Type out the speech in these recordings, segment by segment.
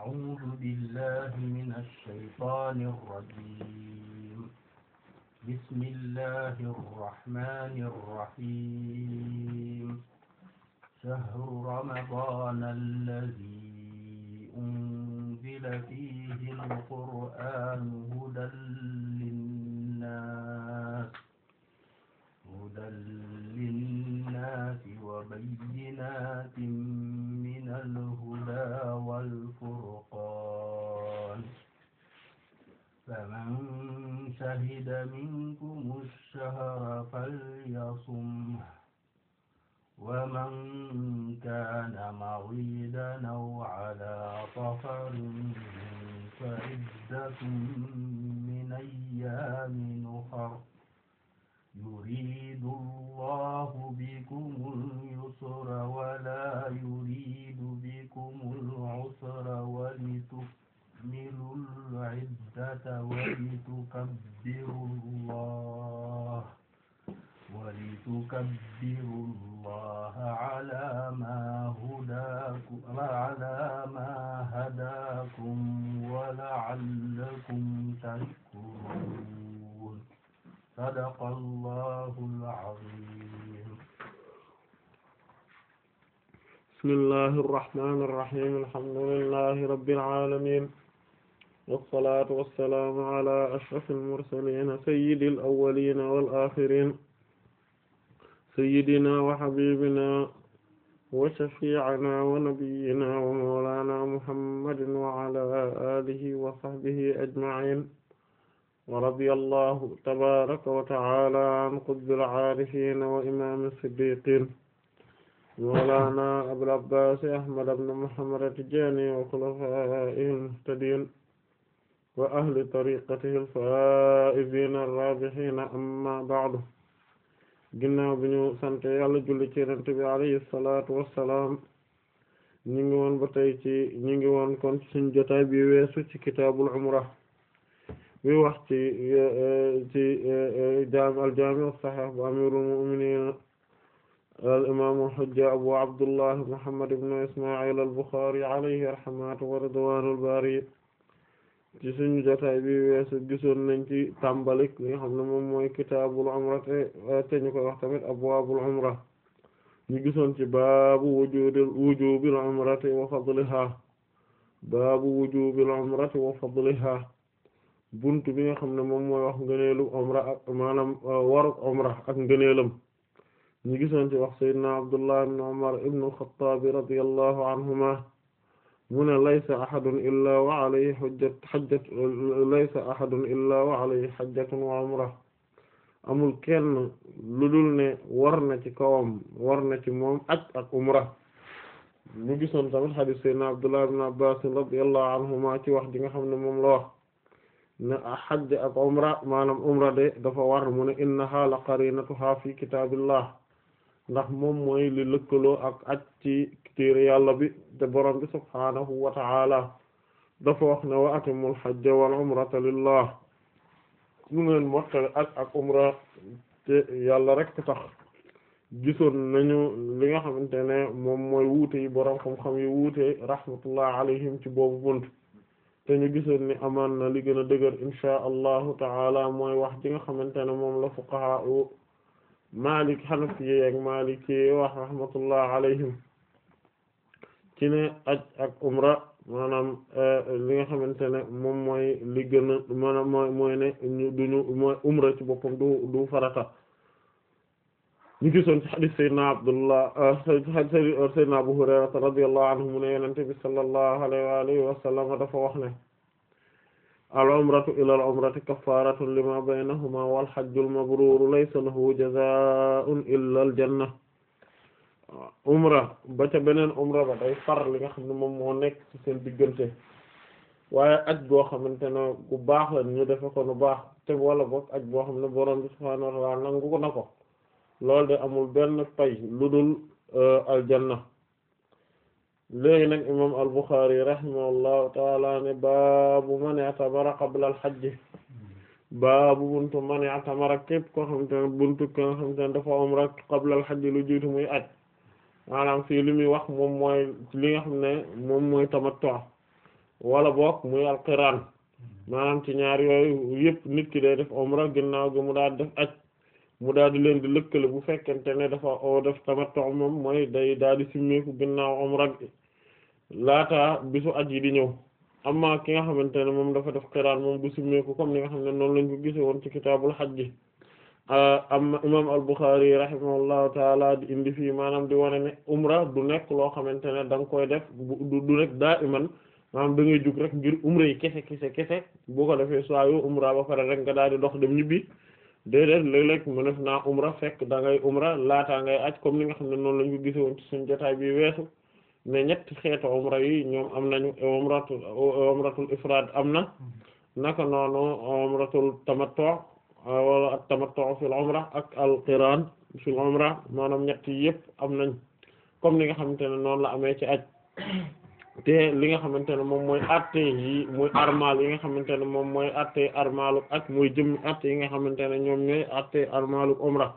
أعوذ بالله من الشيطان الرجيم بسم الله الرحمن الرحيم شهر رمضان الذي أنزل فيه القرآن هدى للناس هدى للناس وبينات من الهدى فمن شهد منكم الشهر فليصمه ومن كان مريضا أو على سفر فعدة من أيام أخر يريد الله بكم اليسر ولا يريد بكم العسر ولتكملوا لتكملوا العدة ولتكبروا الله ولتكبروا الله على ما هداكم على ما هداكم ولعلكم تشكرون صدق الله العظيم بسم الله الرحمن الرحيم الحمد لله رب العالمين wassalatu wassalamu ala ashrafil mursalin sayyidil awwalin wal akhirin sayyidina wa habibina wa shafi'ina wa nabiyyina wa mawlana muhammadin wa ala alihi wa sahbihi ajma'in wa radiyallahu tabaraka wa ta'ala an qutbil arifin wa imam as-siddiqin mawlana abul abbas ahmad ibn muhammad at-tijani wa khulafa'ihil muhtadin wa ahli tariqatihi al-faa'iziina ar-raabihiina amma ba'du ginnaaw bi ñu sant yàlla julli ci Yonent bi alayhi salaatu wa salaam ñu ngi woon ba tey ci ñu ngi woon kon suñu jotaay bi weesu ci kitaabul umra bi wax ci ci jaami al-jaami' as-sahiih bu amiirul mu'miniin al-imaam al-hujja abu abdullah muhammad ibn ismaa'iil al-Bukhaari alayhi rahmatu wa ridwaanul baari ci suñu jotaay bi weesu gisoon ci tàmbalik li nga xam ne moom mooy kitaabul umra eh, te ñu koy wax tamit abwaabul umra ñu gisoon ci baabu wujubil wujubil umrati wa wa fadliha bunt bi nga xam ne moom mooy wax ngëneelu umra ak maanaam eh, waru umra ak ngëneelam ñu gisoon ci wax sayyidina abdullah ibn umar ibnu xattaabi radiyallahu anhuma mu ne laysa ahadun illaa wa alayhi hujjat hajjat laysa wa alayhi hajjatun wa amul kenn lu dul ne war na ci kawam war na ci moom ak ak umra ñu gisoon tamit hadith sayyidina Abdullah ibn Abbas radiyallahu anhuma ci wax ji nga xam ne moom la wax ne hajj ak umra maanaam umra de dafa war mu ne la qarinatuha fi kitabillah ndax moom mooy li lëkkaloo ak aj ci téere yàlla bi te borom bi subhaanahu wa ta'ala dafa wax ne wa atimul hajja wal umrata lillah ñu ngeen mottale aj ak umra te yàlla rek tax gisoon nañu li nga xamante ne moom mooy wuute yi borom xam-xam yi wuute rahmatullah alayhim ci boobu bunt te ñu gisoon ni amaan na li gën a dëgër insha allahu ta'ala mooy wax ji nga xamante ne moom la fuqaha Malik Hanafi yeeg Maliki wax rahmatullah alayhim ci ne aj ak umra maanaam eh, li nga xamante ne moom mooy li gën a maanaam mooy mooy ne umra ci boppam du du farata ñu gisoon ci hadith Seydina Abdullah eh, Seydina Abu Hurayrata radiyallahu anhu mu ne Yonent bi sallallahu alayhi wa alihi wa dafa wax ne al umratu ila al umrati kaffaratun lima baynahuma wal hajjul mabrur laysa lahu jazaa'un illa al janna umra ba ca beneen umra ba day faral li nga xam ne moom moo nekk ci seen diggante waaye aj boo xamante ne bu baax la ñu defe ko nu baax te wala boog aj boo ne borom bi subhaanahu wa ta'aala nangu ko na ko loolu de amul benn pay lu dul euh, aljanna léegi nag imam al-Bukhari rahimahullahu taala ne baabu man i'tamara qabla al-hajj baabu buntu man i'tamara képp koo xamante ne buntu ko nga xamante ne dafa umra qabla al lu jiitu muy aj maanaam fii li muy wax moom mooy li nga xam ne moom mooy tamattu wala boog muy al-qiran maanaam ci ñaar yooyu yëpp nit ki day def umra ginnaaw gi mu daal def aj mu daal leen di lëkkale bu fekkente ne dafa o def tamattu moom mooy day daal di simmeeku ginnaaw laata bisu aj yi di ñëw amma ki nga xamante ne moom dafa def xiraan moom bu simmeeku comme ni nga xam ne noonu lañ ko gisee woon ci kitaabul xaj ji amma imam al-Bukhari rahimahullahu taala di indi fii maanaam di wane ne umra du nekk loo xamante ne da nga koy def du du rek daa iman maanaam da ngay jug rek ngir umra yi kese kese boo ko defee saa yu umra ba rek nga daal di dox dem ñibbi déedéet léeg-léeg mu def naa umra fekk da ngay umra laataa ngay aj comme ni nga xam ne noonu lañ ko woon ci suñu jotaay bi weesu ne ñetti xeetu umra yi ñoom am nañ umratul umratul ifrad am na mm-hmm. naka noonu umratul tamattu uh, wala ak tamattu fil umra ak al qiran fil umra maanaam ñett yëpp am nañ comme li nga xamante ne noonu la amee ci aj te li nga xamante ne moom mooy atte yi muy armal yi nga xamante ne moom mooy atte armaluk ak muy jëm atte yi nga xamante ne ñoom ñooy atte armaluk umra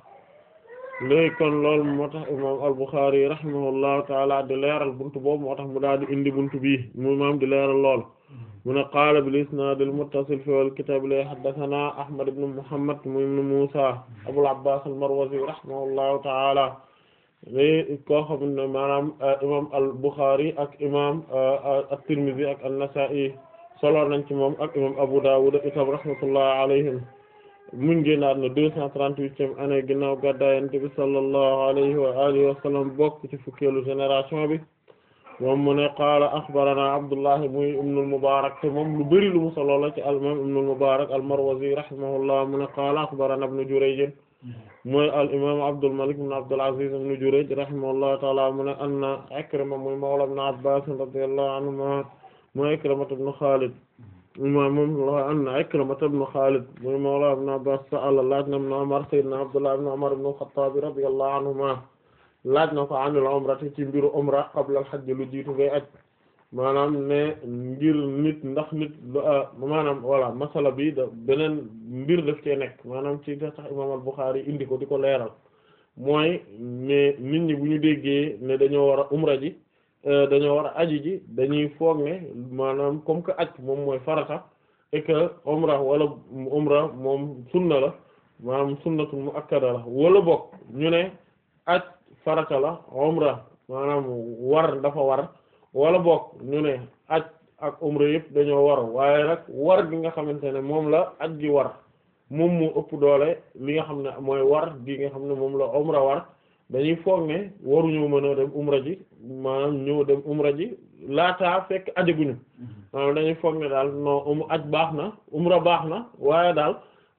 léegi kon lool moo tax imam al-Bukhari rahimahullahu taala di leeral buntu boobu moo tax mu daal di indi buntu bii mu maam di leeral lool mu na qaala bil isnaad al-muttasil fi al-kitaab li haddathanaa Ahmad ibn Muhammad ibn Muusaa Abul Abbaas al-Marwazi rahimahullahu taala léegi koo xam ne maanaam uh, imam al ak imam uh, uh, at-Tirmidhi ak an-Nasaa'i solo nañ ci moom ak imam Abu Dawud itam rahmatullahi alayhim mu ngi génn àdduna deux cent trente-huitième année ginnaaw gàddaay Yonent bi sallallahu alayhi wa alihi wa sallam bokk ci fukkeelu génération bi moom mu ne qaala axbarana Abdullahi muy ibnul Mubaarak te moom lu bari lu mu solo la ci al-imaam ibnul Mubaarak al-Marwazi rahimahullah mu ne qaala axbarana ibnu Jurayj mooy al-imaam Abdul Malik ibn Abdul Aziz ibnu Jurayj rahimahullahu ta'ala mu ne anna Ikrima muy mawla ibn Abbaas radiyallahu anhumaa mooy Ikrimatu ibnu Xaalid moom la am na Ikrimata ibn Khalid mooy mawla Ibn Abbas sa'ala laaj na Ibn Umar sayyidina Abdullah ibn Umar ibn al-Khattab radiyallahu anhuma laaj na ko anil umrati ci mbiru umra qabla al lu jiitu ngay aj maanaam ne ngir nit ndax nit maanaam voilà masala bi da beneen mbir daf cee nekk maanaam ci tax imam al-Bukhari indi ko di ko leeral mooy ne nit ñi bu ñu déggee ne dañoo war a umra ji Euh, dañoo war a aji ji dañuy foog ne maanaam comme que aj moom mooy farata et que umra wala umra moom sunna la maanaam sunnatu muakkada la wala bokk ñu ne aj farata la umra maanaam war dafa war wala bokk ñu ne aj ak umra yëpp dañoo war waaye nag war gi nga xamante ne moom la aj gi war moom moo ëpp doole li nga xam ne mooy war gi nga xam ne moom la umra war dañuy foog ne waruñu mën a dem umra ji maanaam ñëw dem umra ji laataa fekk ajaguñu mm-hmm. maanaam dañuy foog ne daal non um, aj baax na umra baax na waaye daal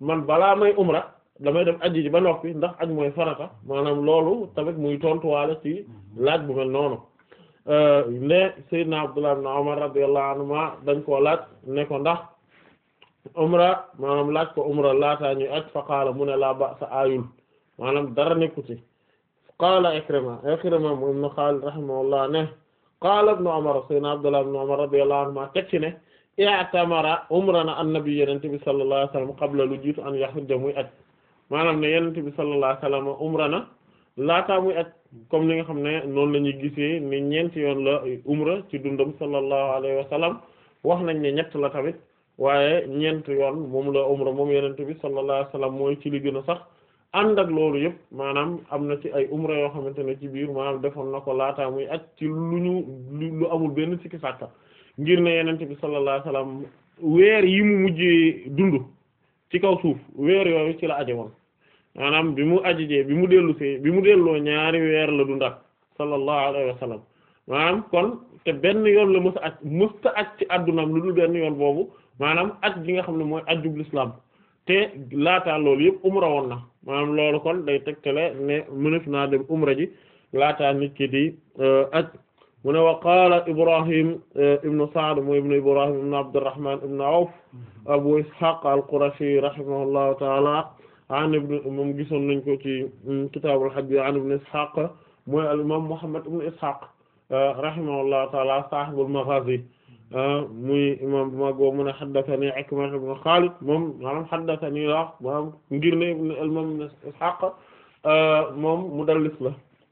man balaa may umra damay dem aji ji ba noppi ndax aj mooy farata maanaam loolu tamit muy tontuwaale ci mm-hmm. laaj bu mel noonu euh, ne Seydina Abdullah ibn Umar dañ koo laaj ne ko ndax umra maanaam laaj ko umra laataa ñuy aj fa qaala mu ne laa ba sa aayul maanaam dara nekku ci qaala Ikrima Ikrima moom na Xaalid rahimahullah ne qaala ibnu Umar sayyidina Abdullah ibnu Umar radiyallahu anhuma teg ci ne i'tamara umra na annabi yonent bi sallallahu alayhi qabla lu jiitu an yahujja muy aj maanaam ne yonent bi sallallahu alayhi umra na laataa muy aj comme ni nga xam ne noonu la ñuy gisee ne ñeenti yoon la umra ci dundam sallallahu alayhi wa wax nañ ne ñett la tamit waaye ñeent yoon moom la umra moom yonent bi sallallahu alayhi mooy ci li sax ànd ak loolu yëpp maanaam am na ci ay umra yoo xamante ne ci biir maanaam defoon na ko laataa muy aj ci lu ñu lu amul benn sikki sàkka ngir ne yenent bi sallallahu alayhi weer yi mu mujje dund ci kaw suuf weer yooyu ci la aje woon maanaam bi mu ajijee bi mu dellu see bi mu delloo ñaari weer la dundat sallallahu alayhi wasallam maanaam kon te benn yoon la mës a aj mës ta aj ci addunaam lu dul benn yoon boobu maanaam aj gi nga xam ne mooy ajjub l'islam te laataa loolu yëpp umra woon na loolu kon day tegtale ne mënef naa dem umra ji laataa nit ki di euh, aj mu ne wa qaala Ibrahim euh, ibn Sa'd mooy ibn Ibrahim ibn Abdurrahman ibn Awf mm-hmm. Abu Ishaq al-Qurashi rahimahullahu ta'ala an ibn gisoon nañ ko ci mm, kitaabul hajj an ibn Ishaq mooy al-imam Muhammad ibn Ishaq euh, rahimahullahu ta'ala sahibul maghazi Ah, muy imam bu mag boobu mu ne haddathani Ikrimah ibn Khalid moom maanaam la maanaam ngir ne moom ne Ishaq ah, moom mudallis la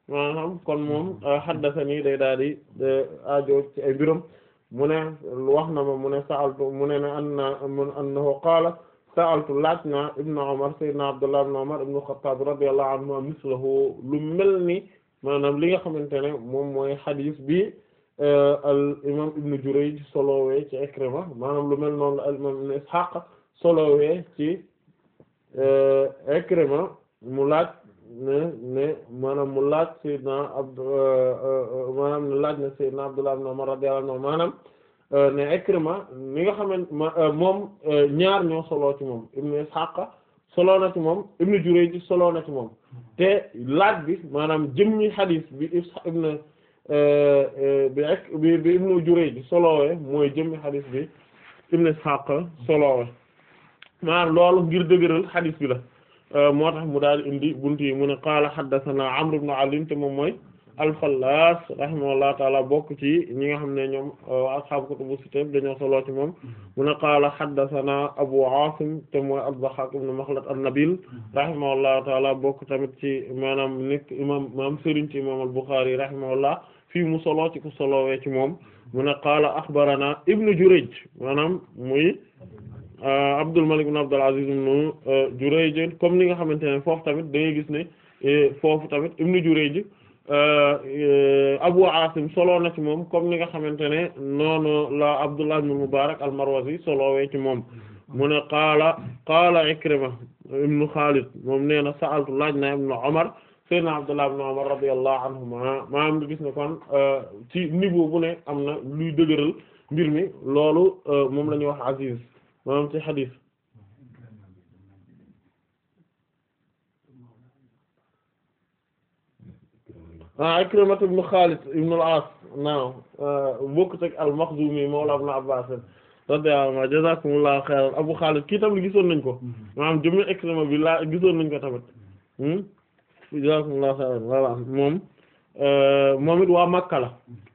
maanaam kon moom hmm. ah, day daal di aajo ci ay mbiram mu ne wax na ma mu ne sa'altu mu ne ne annahu qaala sa'altu laaj na ibn Umar sayyidina Abdullah ibn Umar ibn Khattab radiyallahu anhu mislahu lu mel ni maanaam li nga xamante ne moom mooy hadith bi Euh, al imam ibn Jurayj solowee ci Ikrima maanaam lu mel noonu la al imam ibn Ishaq solowee ci euh, Ikrima mu laaj ne ne maanaam mu laaj Seydina Abd euh, maanaam ne laaj na Seydina Abdullah ibn Umar radiyallahu anhu maanaam ne Ikrima mi nga xamante moom ñaar ñoo soloo ci moom ibn Ishaq soloo na ci moom ibn Jurayj soloo na ci moom te laaj bi maanaam jëmmi xadiis bi ibn Euh, euh, bi ak bi bi juree Jurayj soloowe mooy jëmmi xadis bi Ibnu Ishaq soloowe maanaam loolu ngir dëgëral xadis bi la euh, moo tax mu daal indi buntu yi mu ne qaala haddasanaa Amr ibn Ali te moom mooy al-Fallaas rahimahullahu bokk ci ñi nga xam ne ñoom euh, ashaabu kutubu sitta dañoo solo ci moom mm-hmm. mu ne qaala haddathana Abu Aasim te mooy ad-Dahhaak ibn Makhlad an-Nabil mm-hmm. rahimahullahu bokk tamit ci maanaam nekk imaam maam sëriñ ci imaam al-Bukhari rahimahullah fii mu solo ci ku solowee ci moom mu ne qaala akhbarana Ibn Jurayj maanaam muy euh, Abdul Malik ibn Abdul Aziz ibn euh, Jurayj comme ni nga xamante ne foofu tamit da gis ne eh, foofu tamit Ibn Jurayj Euh, euh, Abu Asim solo na ci moom comme ni nga xamante ne noonu la Abdullah ibn Mubarak al-Marwazi solowee ci moom mu ne qaala qaala Ikrima ibn Khalid moom nee na sa'altu laaj na ibn Umar sayyidina Abdullah ibn Umar radiyallahu anhuma maam ngi gis ne kon euh, ci niveau bu ne am na luy dëgëral mbir mi loolu moom la ñuy wax aziz maanaam ci hadith Ah, Ikrimat ibn Khalid ibn al-As naaw ah, bokkut ak al-Makhzumi mawla Ibn Abbas radiyallahu anhu jazakumullahu khairan Abu Khalid kii tamit gisoon nañ ko mhm. maanaam jëmmi Ikrima bi laa gisoon nañ ko tamit hmm? jazakumullahu khairan voilà moom ah, moom it waa Makka la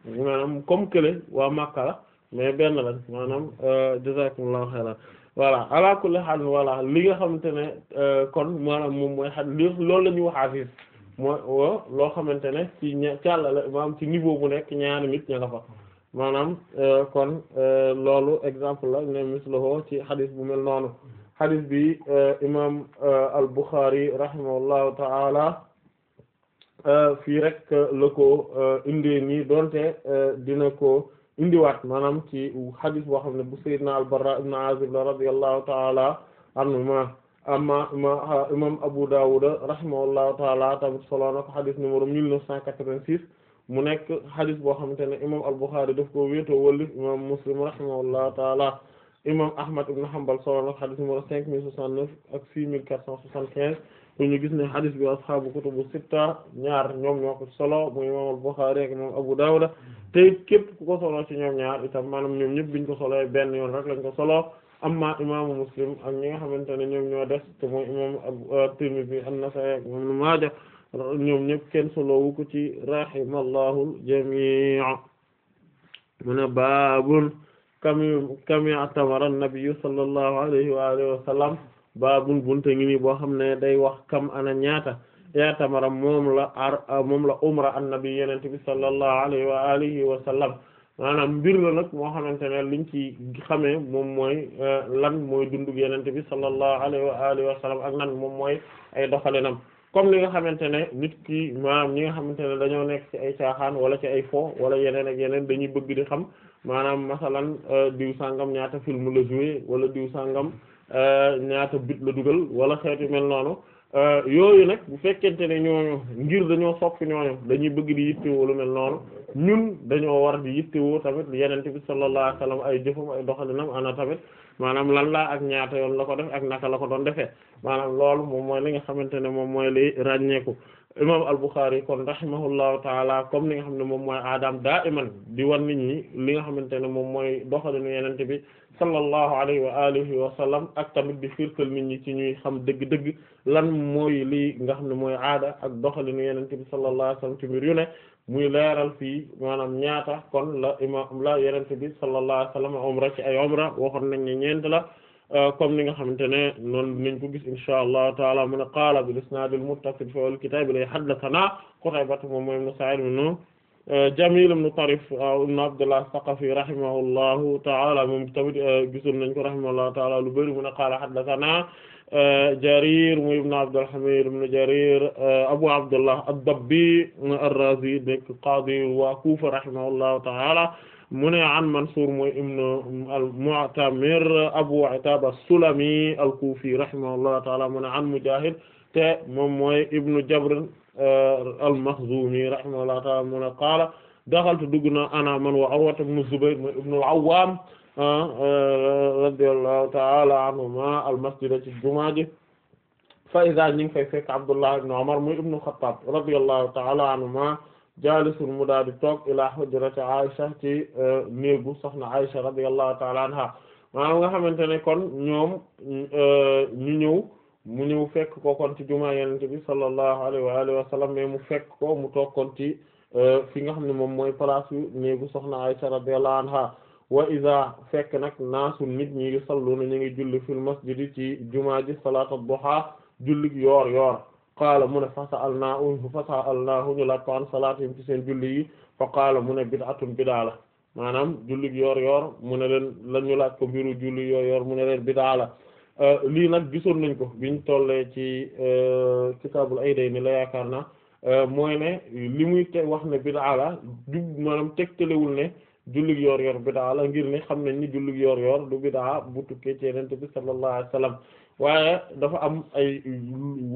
mhm. maanaam comme kële waa Makka la mais benn lañ maanaam jazakumullahu khairan voilà ala kulli haal voilà li nga xamante ne kon maanaam moom mooy xa loolu la ñuy wax xaafis mooy loo xamante ne ci ña càllale maanaam ci niveau bu nekk ñaari nit ña nga fa maanaam euh, kon euh, loolu exemple la ne mislahu ci xadis bu mel noonu xadis bi euh, imam al Bukhari rahimahullahu ta'ala fii rek la ko indi nii donte dina ko indiwaat maanaam ci xadis boo xam ne bu Sayyidina al Barra ibn Azib la radiyallahu ta'ala anhuma amma imam Abu Dawud rahimahullahu taala tamit solo na ko xadis numéro mille neuf cent quatre-vingt-six mu nekk xadis boo xamante ne imam al-Bukhari daf ko wéetoo wallif imam Muslim rahimahullahu taala imam Ahmad ibn Hanbal solo na ko xadis numéro cinq mille soixante-neuf ak six mille quatre cent soixante-quinze ñu gis ne xadis bi ashaabu kutubu sitta ñaar ñoom ñoo solo mu imam al-Bukhari ak imam Abu Dawud te it képp ku ko solo ci ñoom ñaar itam maanaam ñoom ñëpp biñ ko solo benn yoon rek lañ ko amma imaamu muslim ak ñi nga xamante ne ñoom ñoo des te mooy imaamu at-Tirmidhi euh, an Maaja ñoom ñëpp kenn soloowu ko ci rahimallahu al-jamii' mu ne baabun kami kami atamara nabi sallallahu alayhi wa alihi wa sallam baabun bunte ngi nii boo xam ne day wax kam ana ñaata yaa moom moom la umra an nabi bi sallallahu alayhi wa alihi wa sallam maanaam mbir la nag moo xamante ne liñ ci xamee moom mooy euh, lan mooy dundu yenente bi sallallahu alayhi wa alihi wa ak nan moom mooy ay doxalinam comme li nga xamante ne nit ki maanaam ñi nga xamante ne dañoo nekk ci ay caaxaan wala ci ay fo wala yeneen ak yeneen dañuy bëgg di xam maanaam masalan euh, diw sàngam ñaata film la joué wala diw sàngam euh, ñaata bit la dugal wala xeetu mel noonu yooyu nag bu fekkente ne ñooñu ngir dañoo sopp ñooñu dañuy bëgg di yittewoo lu mel noonu ñun dañoo war di yittewoo tamit yenente bi sallallahu alayhi wasallam ay jëfam ay doxalinam ana tamit maanaam lan laa ak ñaata yoon la ko def ak naka la ko doon defee maanaam lool moom mooy li nga xamante ne moom mooy li ràññeeku imam al-Bukhari kon rahimahullahu taala comme li nga xam ne moom mooy adam daa iman di wan nit ñi li nga xamante ne moom mooy doxalinu yenente bi sallallahu alayhi wa alihi wa sallam ak tamit di firtal nit ñi ci ñuy xam dëgg-dëgg lan mooy lii nga xam ne mooy aada ak doxalinu yenente bi sallallahu alayhi wa sallam ci mbir yu ne muy leeral fii maanaam ñaata kon la imam la yenente bi sallallahu alayhi wa sallam umra ci ay umra waxoon nañ ne ñeent la euh, comme ni nga xamante ne noon dinañ ko gis insha allahu taala mun a qaala bil isnaadil muttasil fi al kitaab li haddathana Qutaybah moom mooy ibn Sa'id Jamil ibn Tarif ah, ibn Abdullah Saqafi rahimahullahu ta'ala moom tamit eh, gisoon nañ ko rahimahullahu ta'ala lu bari mu ne qaala haddathana eh, Jarir mu ibn Abdul Hamid ibn Jarir eh, Abu Abdullah ad-Dabbi ar-Razi nekk qaadi waa Kufa rahimahullahu ta'ala mu ne an Mansuur mooy ibn al-Mu'tamir Abu Attab as-Sulami al-Kufi rahimahullahu ta'ala mu ne an Mujahid te moom mooy ibn Jabr Euh, al-Makhzumi rahimahullahu ta'ala mu ne qaala daxaltu dugg na ana man wa Urwa ibn Zubayr ibn al-Awwam ah, euh, radiyallahu ta'ala anhuma al-masjid ci jumaa ji fa iza ñu ngi fay fekk Abdullah ibn Umar muy ibn Khattab radiyallahu ta'ala anhuma jaalisun mu daal di toog ila hujrati Aisha ci euh, néegu soxna Aisha radiyallahu ta'ala anha maanaam nga xamante ne kon ñoom ñu ñëw mu ñëw fekk ko kon ci jumaa Yonent bi sallallahu alayhi wa alihi wa sallam mais mu fekk ko mu toog ci euh, fi nga xam ne moom mooy place yu néegu soxna Aysa radiyallahu anha wa iza fekk nag naasu nit ñi yu salluna ñu ngi julli fil masjidi ci jumaa ji salaatu duha julli yoor yoor qaala mu ne fasa'alnaahu fasa'alnaahu ñu laaj ko an salaatihim ci seen julli yi fa qaala mu ne bid'atun bidaa la maanaam julli yoor yoor mu ne leen la ñu laaj ko mbiru julli yoo yoor mu ne leen Euh, lii nag gisoon nañ ko biñ tollee ci euh, kitaabul ayday ni la yaakaar na euh, mooy ne li muy te wax ne bid'a la du maanaam tegtalewul ne jullig yor yoor bid'a la ngir ne xam nañ ni jullig yoor yoor du bid'a bu tukkee ci yonent bi sallallahu alayhi wasallam waaye dafa am ay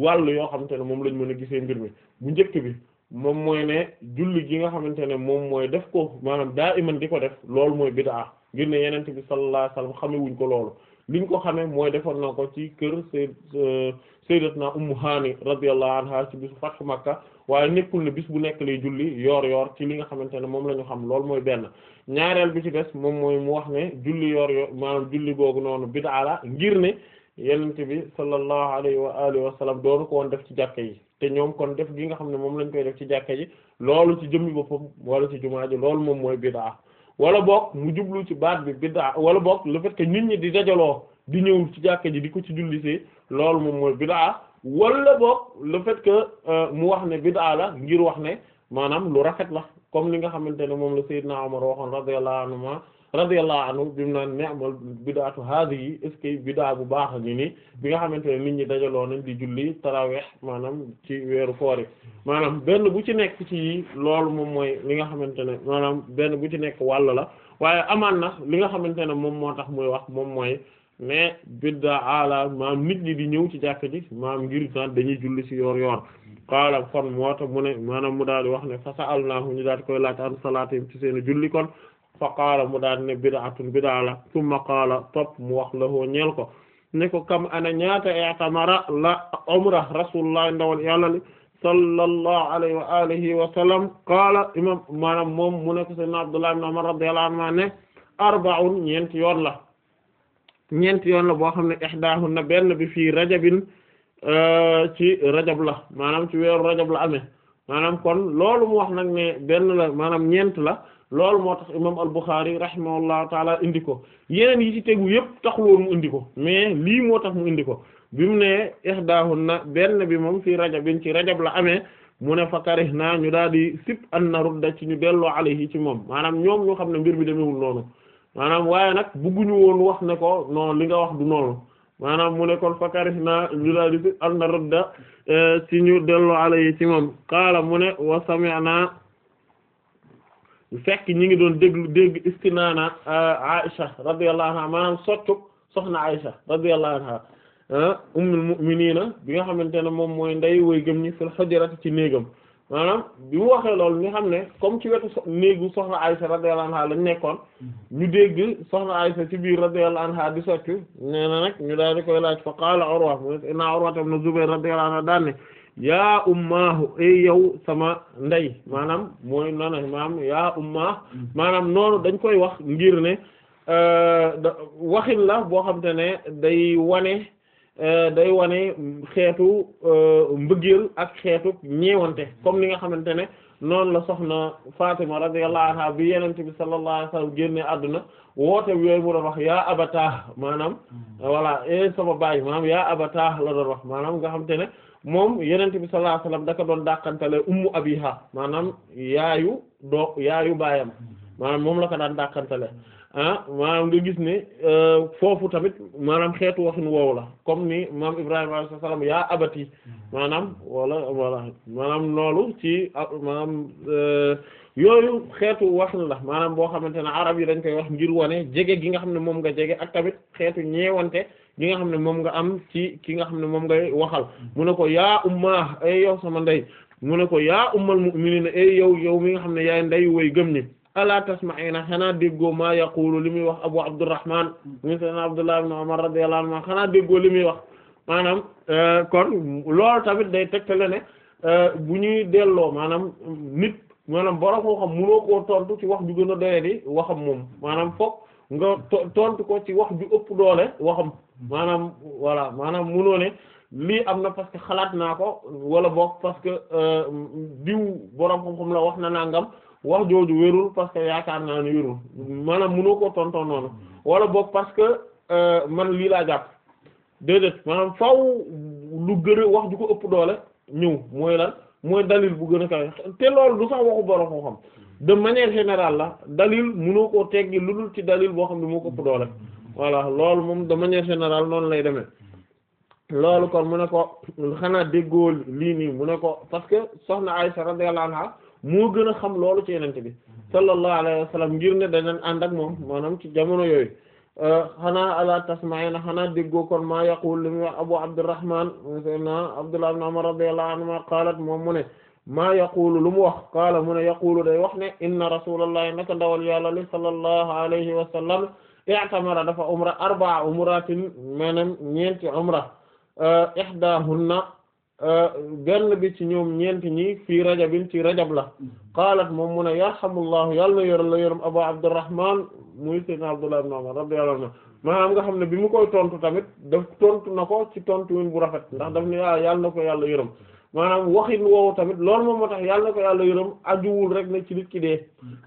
wàll yoo xamante ne moom lañ mën a gisee mbir mi bu njëkk bi moom mooy ne julli gi nga xamante ne moom mooy def ko maanaam daa iman di ko def loolu mooy bid'a ngir ne yenent bi sallallahu alayhi wasallam xame wuñ ko loolu liñ ko xame mooy defoon na ko ci kër sayd euh, sayyidatna ummu haani radiyallahu anha ci bisu fathu makka waaye nekkul ne bis bu nekk lay julli yoor yoor ci li nga xamante ne moom la ñu xam loolu mooy benn ñaareel bi ci des moom mooy mu wax ne julli yoor yoor noonu bid'a la ngir ne yenent bi sallallahu alayhi wa alihi wa sallam doonu ko def ci jàkka yi te ñoom kon def gi nga xam ne moom lañ koy def ci jàkka yi loolu ci jëmmi boppam wala ci jumaa ji loolu moom mooy bid'a wala boog mu jublu ci baat bi biddaa wala boog la fait que nit ñi di dajaloo di ñëw ci jàkka ji di ko ci jullisee loolu moom mooy biddaa wala boog la fait que euh, mu wax ne biddaa la ngir wax ne maanaam lu rafet la comme li nga xamante ne moom la naa Omar waxoon radiyallahu anhu radiyallahu anhu bi mu naan ni'mal bid'atu hadhihi est ce que bid'a bu baax ni ni bi nga xamante ne nit ñi dajaloo nañ di julli taraweex maanaam ci weeru koor yi maanaam benn bu ci nekk ci loolu moom mooy li nga xamante ne maanaam benn bu ci nekk wàll la waaye amaan na li nga xamante ne moom moo tax muy wax moom mooy mais bidda ala maam nit ñi di ñëw ci jàkk ji maam ngir naan dañuy julli ci yoor yoor qaala kon moo tax mu ne maanaam mu daal di wax ne fa sa'alnaahu ñu daal di koy laaj an salaatihim ci seen julli kon fa qaala mu daal ne bid'atun bid'a tumma qaala topp mu wax lahoo ñeel ko ne ko kam ana ñaata i'tamara la umra rasulullah ndawal yàlla li sallallahu alayhi wa alihi wa sallam qaala imam maanaam moom mu ne ko sayyidina Abdullah ibn Umar radiyallahu anhuma ne arba'un ñeenti yoon la ñeenti yoon la boo xam ne na benn bi fii rajabin euh, ci rajab la maanaam ci weeru rajab la amee maanaam kon loolu mu wax nag ne benn la maanaam ñeent la loolu moo tax imam al-Bukhari rahimahullahu taala indi ko yeneen yi ci tegu yëpp taxul woon mu indi ko mais lii moo tax mu indi ko bi mu ne ihdahunna benn bi moom fii rajabin ci rajab la amee mu ne fa karihna ñu daal di sip an narudda ci ñu delloo alayhi ci moom maanaam ñoom ñoo xam ne mbir mi demewul noonu maanaam waaye nag bëgguñu wax ne ko non li nga wax du noonu maanaam mu ne kon fa ñu daal di sip an narudda eh, ci ñu delloo alayhi ci moom qaala mu ne wa sami'na fekk ñi ngi doon déglu dégg istinaana Aisha radiyallahu anha maanaam soccu soxna Aisha radiyallahu anha ummul mu'minina bi nga xamante ne moom mooy ndey woy gëm ñi fil hujrati ci néegam maanaam bi mu waxee loolu ñu xam ne comme ci wetu néegu soxna Aisha radiyallahu anha lañ nekkoon ñu dégg soxna Aisha ci biir radiyallahu anha di soccu nee na nag ñu daal di koy laaj fa qaala Urwa inna Urwa ibn Zubayr radiyallahu anha daan ne yaa ummaahu ay yow sama ndey maanaam mooy noonu maanaam yaa ummaah maanaam noonu dañ koy wax ngir ne euh, waxin la boo xam te ne day wane euh, day wane xeetu euh, mbëggeel ak xeetu ñeewante comme ni nga xamante ne noonu la soxna Fatima radiyallahu anha bi Yonent bi sallallahu alayhi wasallam génne àdduna woote yooyu mu doon wax yaa abataah maanaam wala hmm. eh sama baay maanaam yaa abataah la doon wax maanaam nga xam te moom yenente bi sallallahu alayhi wasallam daka doon dàqantale ummu abiha maanaam yaayu do yaayu baayam maanaam moom la ko daan dàqantale ah maanaam nga gis ne euh, foofu tamit maanaam xeetu waxin woowu la comme ni maam Ibrahima alayhi salaam yaa abati maanaam wala wala maanaam loolu ci maanaam euh, yooyu xeetu waxin la maanaam boo xamante ne arab yi dañ koy wax ngir wane jege gi nga xam ne moom nga jege ak tamit xeetu ñeewante gi nga xam ne moom nga am ci ki nga xam ne moom nga waxal mu ne ko yaa umma ay yow sama ndey mu ne ko yaa ummal mu'minina ay yow yow mi nga xam ne yaay ndey woy gëm ni ala tasma'ina xanaa déggoo ma yaqulu li muy wax abu abdurrahman mu sayyidina abdullah ibn umar radiyallahu anhu xanaa déggoo li muy wax maanaam euh, kon loolu tamit day tegtale ne euh, bu ñuy delloo maanaam nit maanaam borom koo xam mënoo koo tontu ci wax ju gën a doye di waxam moom maanaam fokk nga tontu ko ci wax ju ëpp doole waxam maanaam voilà maanaam munoo ne lii am na parce que xalaat naa ko wala boog parce que euh, diw boroom xam-xam la wax na nangam wax jooju wérul parce que yaakaar naa ne wérul maanaam mënoo koo tontoo noonu wala boog parce que euh, man lii laa jàpp déedéet maanaam faw lu gën wax ju ko ëpp doole ñëw mooy la mooy dalil bu gën a kawe te loolu du sax waxu boroom xam da manière générale la dalil mënoo koo teggi lu dul ci dalil boo xam ne moo ko ëpp doole voilà loolu moom de manière générale noonu lay demee loolu kon mu ne ko xanaa déggoo lii nii mu ne ko parce que soxna Aisha radiyallahu anha moo gën a xam loolu ci yenente bi sallallahu alayhi wa sallam ngir ne danañ ànd ak moom maanaam ci jamono yooyu xanaa ala tasma'ina xanaa déggoo kon maa yaqul li muy wax Abu Abdurrahman sayyidina Abdullah ibn Umar radiyallahu anhuma qalat moom mu ne maa yaqulu lu mu wax qaala mu ne yaqulu day wax ne inna rasulallahi naka ndawal yàlla li sallallahu alayhi wa sallam dafa umra arba'a umratin maanaam ñeenti umra eh, ihdahunna eh, benn bi ci ñoom ñeenti ñi fii rajabin ci rajab la qaalat moom mu ne yarhamullahu yàlla na la yërëm abu abdurrahman muy sayyidina abdullah maanaam nga xam ne bi mu koy tontu tamit na ko ci tontu bu rafet ndax daf ne ah, yàlla na ko yàlla yërëm maanaam waxin woowu tamit loolu moom moo tax yàlla na ko yàlla yërëm ajuwul rek ne ci nit ki dee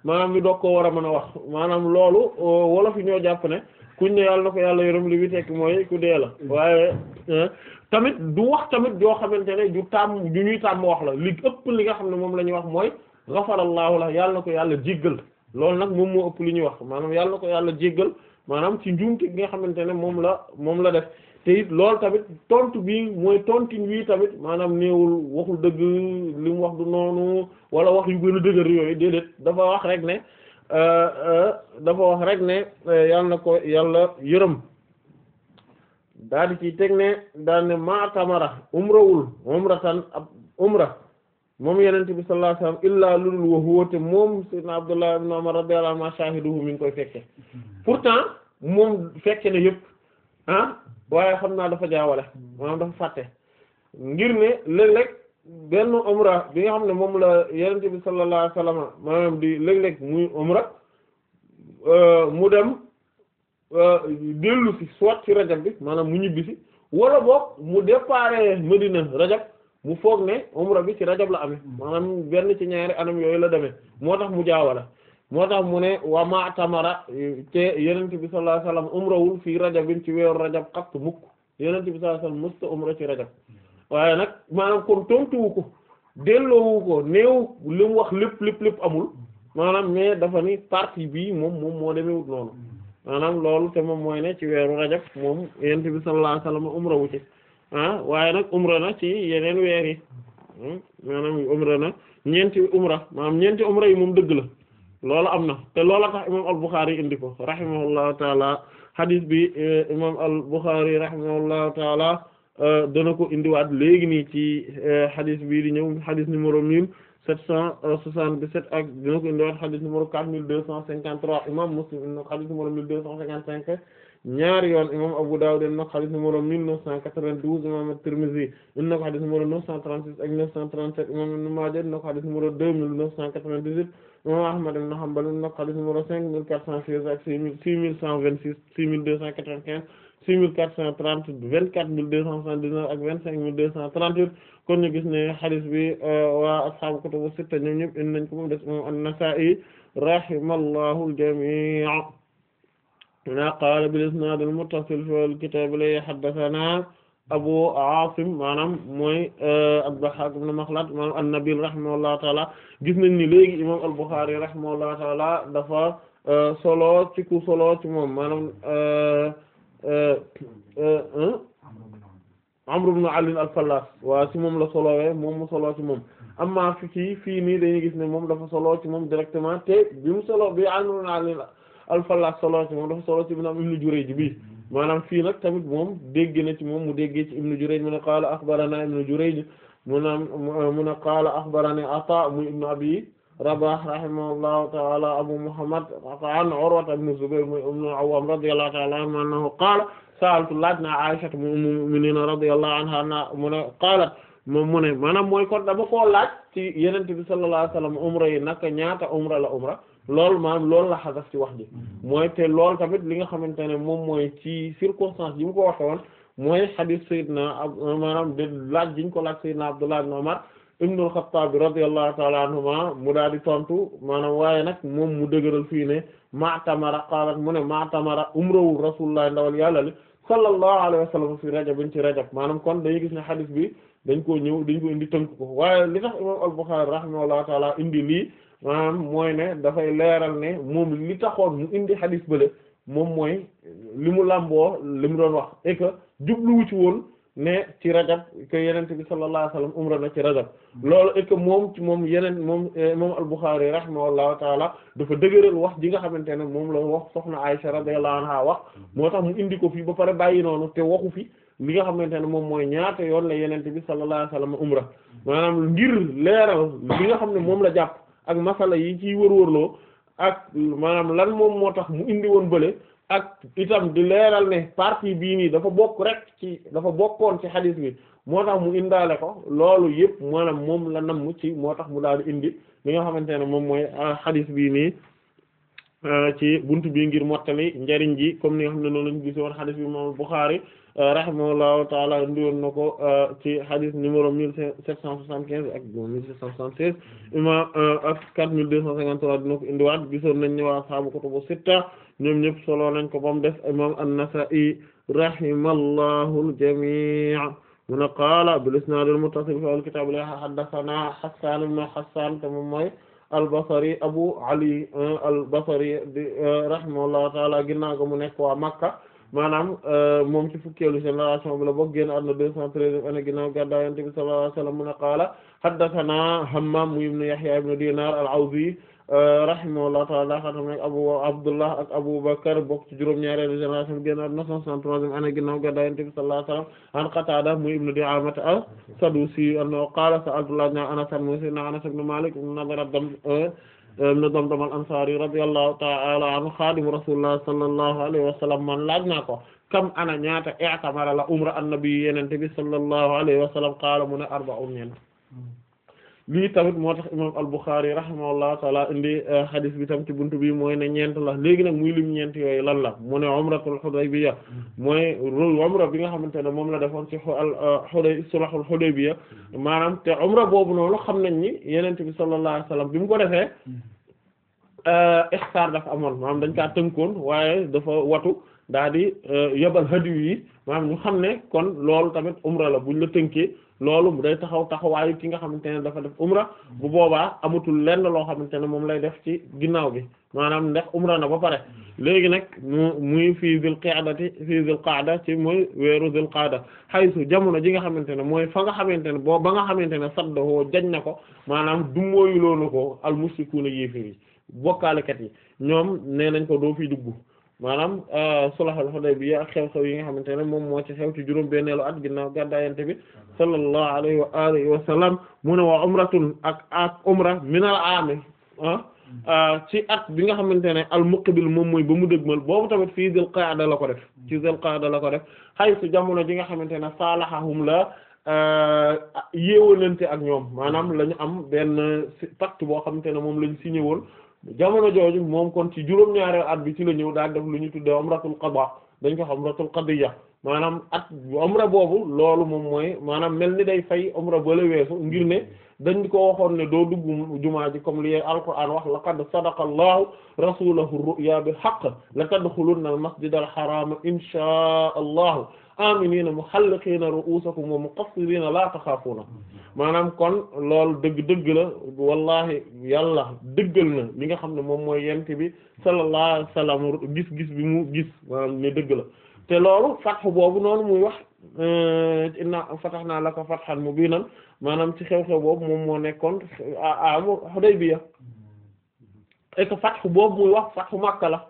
maanaam mi doog koo war a mën a wax maanaam loolu euh, wolof yi ñoo jàpp ne kuñ ne yàlla na ko yàlla yërëm li bi mooy ku dee la waaye euh, tamit du wax tamit joo xamante ne ju tàmm ju ñuy tàmm wax la li ëpp li nga xam ne moom la ñuy wax mooy gafarallaahu la yàlla na ko yàlla jéggal loolu nag moom moo ëpp li ñuy wax maanaam yàlla ko yàlla jéggal maanaam ci njuumte gi nga xamante ne moom la moom la def te it loolu tamit tontu bi mooy tontin wii tamit maanaam néewul waxul dëgg li mu wax du noonu wala wax yu gën a dëgër yooyu déedéet dafa wax rek ne euh, euh, dafa wax rek ne euh, yàlla na ko yàlla yërëm daal di ci teg ne daal ne maa tamara umrawul umratan ab umra moom yenente bi sallallahu alayhi wasallam illaa ludul wa huwa te moom sayyidna Abdullah ibn Umar radiyallahu anhu shahiduhu mi ngi koy fekke mm-hmm. pourtant moom fekke na yëpp ah waaye xam naa dafa jaawale maanaam dafa fàtte ngir ne léeg-léeg benn umra bi nga xam ne moom la yonent bi sallallahu maanaam di léeg-léeg muy umra euh, mu dem euh, dellu si soit ci rajab bi maanaam mu ñibbi si wala boog mu départ Medina rajab mu foog ne umra bi ci rajab la amee maanaam benn ci ñaari anam yooyu la demee moo tax mu jaawale moo tax mu ne wa ma tamara te yonent bi sallallahu alayhi wasallam umrawul rajabin ci weeru rajab xatt mukk yonent bi sallallahu alayhi wasallam musta umra ci rajab waaye nag maanaam kon tontuwu ko delloowu ko néew li wax lépp lépp lépp amul maanaam mais dafa ni partie bii moom moom moo demewut noonu maanaam loolu te moom mooy ne ci weeru rajab moom yonent bi sallallahu alayhi wasallam umra wu ci ah waaye nag umra na ci yeneen weer yi hmm, maanaam umra na ñeenti umra maam ñeenti umra yi moom dëgg la loolu am na te loola tax imam al-Bukhari indi ko rahimahullahu taala hadith bi eh, imam al-Bukhari rahimahullahu taala eh, dana ko indiwaat léegi nii ci eh, hadith cent euh, soixante-dix-sept ak dina ko indiwaat hadith quatre mille deux cent cinquante-trois imam Muslim indi ko hadith numéro deux cent cinquante-cinq ñaari yoon imam Abu Dawud indi na ko hadith numéro mille neuf cent quatre-vingt-douze imam At-Tirmidhi indi na ko hadith numéro neuf cent trente-six ak neuf cent trente-sept imam Ibn Majah indi na ko hadith numéro deux mille imam Ahmad ibn Hanbal na hadith numéro cinq mille quatre cent seize ak six mille six mille cent vingt six six mille deux cent quatre-vingt-quinze six mille quatre cent trente vingt-quatre mille deux cent soixante-dix-neuf ak vingt-cinq mille deux cent trente-huit kon ñu gis ne hadith bi euh, waa ashaabu kutubu sitta ñoom ñëpp indi nañ ko moom des imam an-Nasa'i rahimallahu al-jami' na qala bil isnad al-muttasil fi al-kitab la haddathana Abu Asim maanaam mooy euh, Ad-Dahhaak ibn Makhlad maanaam an-Nabil rahimahullahu taala gis nañ ni léegi imam al-Bukhari rahimahullahu taala dafa euh, solo ci ku solo ci moom maanaam euh, Amr ibn Ali al-Fallas waa ci moom la solowee moom mu solo ci moom am amma fii fii nii dañuy gis ne moom dafa solo ci moom directement te bi mu solo bi Amr ibn Ali al-Fallas solo ci moom dafa solo ci ibn Jurayj bi maanaam fii nag tamit moom dégg na ci moom mu déggee ci Ibn Jurayj mu ne qaala axbarana Ibn Jurayj mu ne mu ne qaala axbarani Ataa mu Ibn Abi Rabah rahimahullahu ta'ala Abu Muhammad an Urwa ibn Zubayr mu Ibn al-Awwam radiyallahu ta'ala anhu annahu qaala sa'altu laaj naa Aisha mu ummul mu'miniina radiyallahu anha mu ne qaalat moom mu ne maanaam mooy kon dama koo laaj ci Yonent bi sallallahu alayhi wa sallam umra yi naka ñaata umra la umra loolu maanaam loolu la xasaf ci wax ji mm-hmm. mooy te loolu tamit li nga xamante ne moom mooy ci circonstance yi mu ko waxe mooy xadis Seydina ab maanaam de laaj jiñ ko laaj Seydina Abdullah ibn Umar ibn al-Khattab radiyallahu ta'ala anhuma mu daal di tontu maanaam waaye nag moom mu dëgëral fii ne ma'tamara qalat mu ne ma'tamara umrawul rasulullah ndawal yàlla li sallallahu alayhi wa sallam fi rajabin ci rajab maanaam kon dañuy gis ne xadis bi dañ koo ñëw dañ ko indi tënk ko waaye indi lii maanaam mooy ne dafay leeral ne moom li taxoon mu indi xadiis bële moom mooy li mu làmboo li mu doon wax et que jubluwu ci woon ne ci rajab que yenent bi sallallahu alayhi wasallam umra na ci rajab mm-hmm. loolu et que moom ci moom yeneen moom eh, moom al-Bukhari rahimahullahu taala dafa dëgëral wax ji nga xamante ne moom la wax soxna Aisha radiyallahu anha wax mm-hmm. moo tax mu indi ko fii ba pare bàyyi noonu te waxu fi li nga xamante ne moom mooy ñaata yoon la yenent bi sallallahu alayhi wasallam umra mm-hmm. maanaam ngir leeral li nga xam ne moom la jàpp ak masala yi ciy wërwërloo ak maanaam lan moom moo tax mu indi woon bële ak itam di leeral ne partie bii nii dafa bokk rek ci dafa bokkoon ci xalis bi moo tax mu indaale ko loolu yëpp maanaam moom la nam ci moo tax mu daal di indi li nga xamante ne moom mooy euh, xalis bii nii euh, ci buntu bi ngir mottali njariñ ji comme ni nga xam ne noonu lañu gisoon xalis bi moom Bukhari rahimahullahu taala ndiwoon na euh, ci hadith numéro mille sept cent soixante-quinze ak mille sept cent soixante-seize imam euh, ak quatre mille deux cent cinquante-trois dina ko indiwaat gisoon nañ ñëw ashaabu kutubu sitta ñoom ñëpp solo nañ ko bam def imam an-Nasa'i rahimallahu al-jami' mu ne qaala de isnaad al-muttasil fi al-kitaab la haddathana Hassaan ibn Hassaan te moom moy al-Basri Abu Ali euh, al-Basri rahimahullahu taala ginnaaw ko mu nekk waa Makka maanaam euh, moom ci fukkeelu génération bi la bokk génn àdduna deux cent treizième année ginnaaw gàddaay Yonent bi sallallahu alayhi wa sallam mu ne qaala haddathana Hammaam ibn Yahya ibn Dinar al-Awdi euh, rahimahullahu ta'ala xatam Abu Abdullah ak Abu Bakr bokk ci juróom-ñaareelu génération bi génn àdduna cent soixante-troisième année ginnaaw gàddaay Yonent bi sallallahu alayhi wa sallam an Qatada muy ibn Di'aamah as-Sadusi annahu qaala sa'altu Anas mooy sayyidina Anas ibn Malik ibn Damdam al-Ansari radiyallahu ta'ala anhu xaadimu rasulullah sallallahu alayhi wa sallam man laaj naa ko kam ana ñaata i'tamara la umra annabi yenente bi sallallahu alayhi wa sallam qaala mu ne arba'un ñeent lii tamit moo tax imam al-Bukhari rahimahullahu taala indi hadith eh, bi tam ci buntu bi mooy ne ñeent la léegi nag muy lim ñeent yooyu lan la mu ne umratul Hudaybiya mooy umra bi nga xamante ne moom la defoon ci Huday sulhul Hudaybiya maanaam te umra boobu noonu xam nañ ni Yonent bi sallallahu alayhi wasallam bi mu ko defee eh, ihsaar dafa amoon maanaam dañ kaa tënkoon waaye dafa watu daal di eh, yebal hadiyu yi maanaam ñu xam ne kon loolu tamit umra la buñ la tënkee loolu mu day taxaw taxawaayu ki nga xamante ne dafa def umra bu boobaa amatul lenn loo xamante ne moom lay def ci ginnaaw bi maanaam ndax umra na ba pare léegi nag muy fii zil qaadati fii ci mooy weeru zil qaada xaysu jamono ji nga xamante ne mooy fa nga xamante ne boo ba nga xamante ne saddahoo jañ na ko maanaam dumóoyu loolu ko al mushrikuuna yéefir yi bokkaalekat yi ñoom nee nañ ko doo fi dugg maanaam euh, sulhul Hudaybiya ak xew-xew yi nga xamante ne moom moo ci xew ci juróom-benneelu at ginnaaw gàddaay Yonent bi sallallahu alayhi wa alihi wa sallam mu ne waa umratun ak ak umra minal aami ah, euh, ci at bi nga xamante ne al muqbil moom mooy ba mu dëgmal boobu tamit fii Zul Qaada la ko def ci Zul Qaada la ko def xay su jamono ji nga xamante ne saalahahum la euh, yéewalante ak ñoom maanaam lañu am benn pacte boo xamante ne moom la si signé jamono jooju moom kon ci juróom ñaare at bi ci la ñëw daal def lu ñu tuddee umratul qada dañ ko xam umratul qadiyya maanaam ak umra boobu loolu moom mooy maanaam mel ni day fay umra bala weesu ngir ne dañ ko waxoon ne doo dugg jumaa ji comme li alquran wax laqad sadaqa allahu rasulahu ru'ya bil haqq latadkhulunna al masjid al haram inshaa allahu aminina muhalliqina ru'usakum wa muqassirina la taxaafuna maanaam kon loolu dëgg-dëgg la wallahi yàlla dëggal na nga xam ne moom mooy yent bi sallallahu alayhi wasallam gis-gis bi mu gis maanaam ne dëgg la te loolu fatx boobu noonu muy wax eh, naa la ko fatahna laka fathan mubinan maanaam ci xew-xew boobu moom moo nekkoon a Hudaybiya et que fatx boobu muy wax fatxu Makka la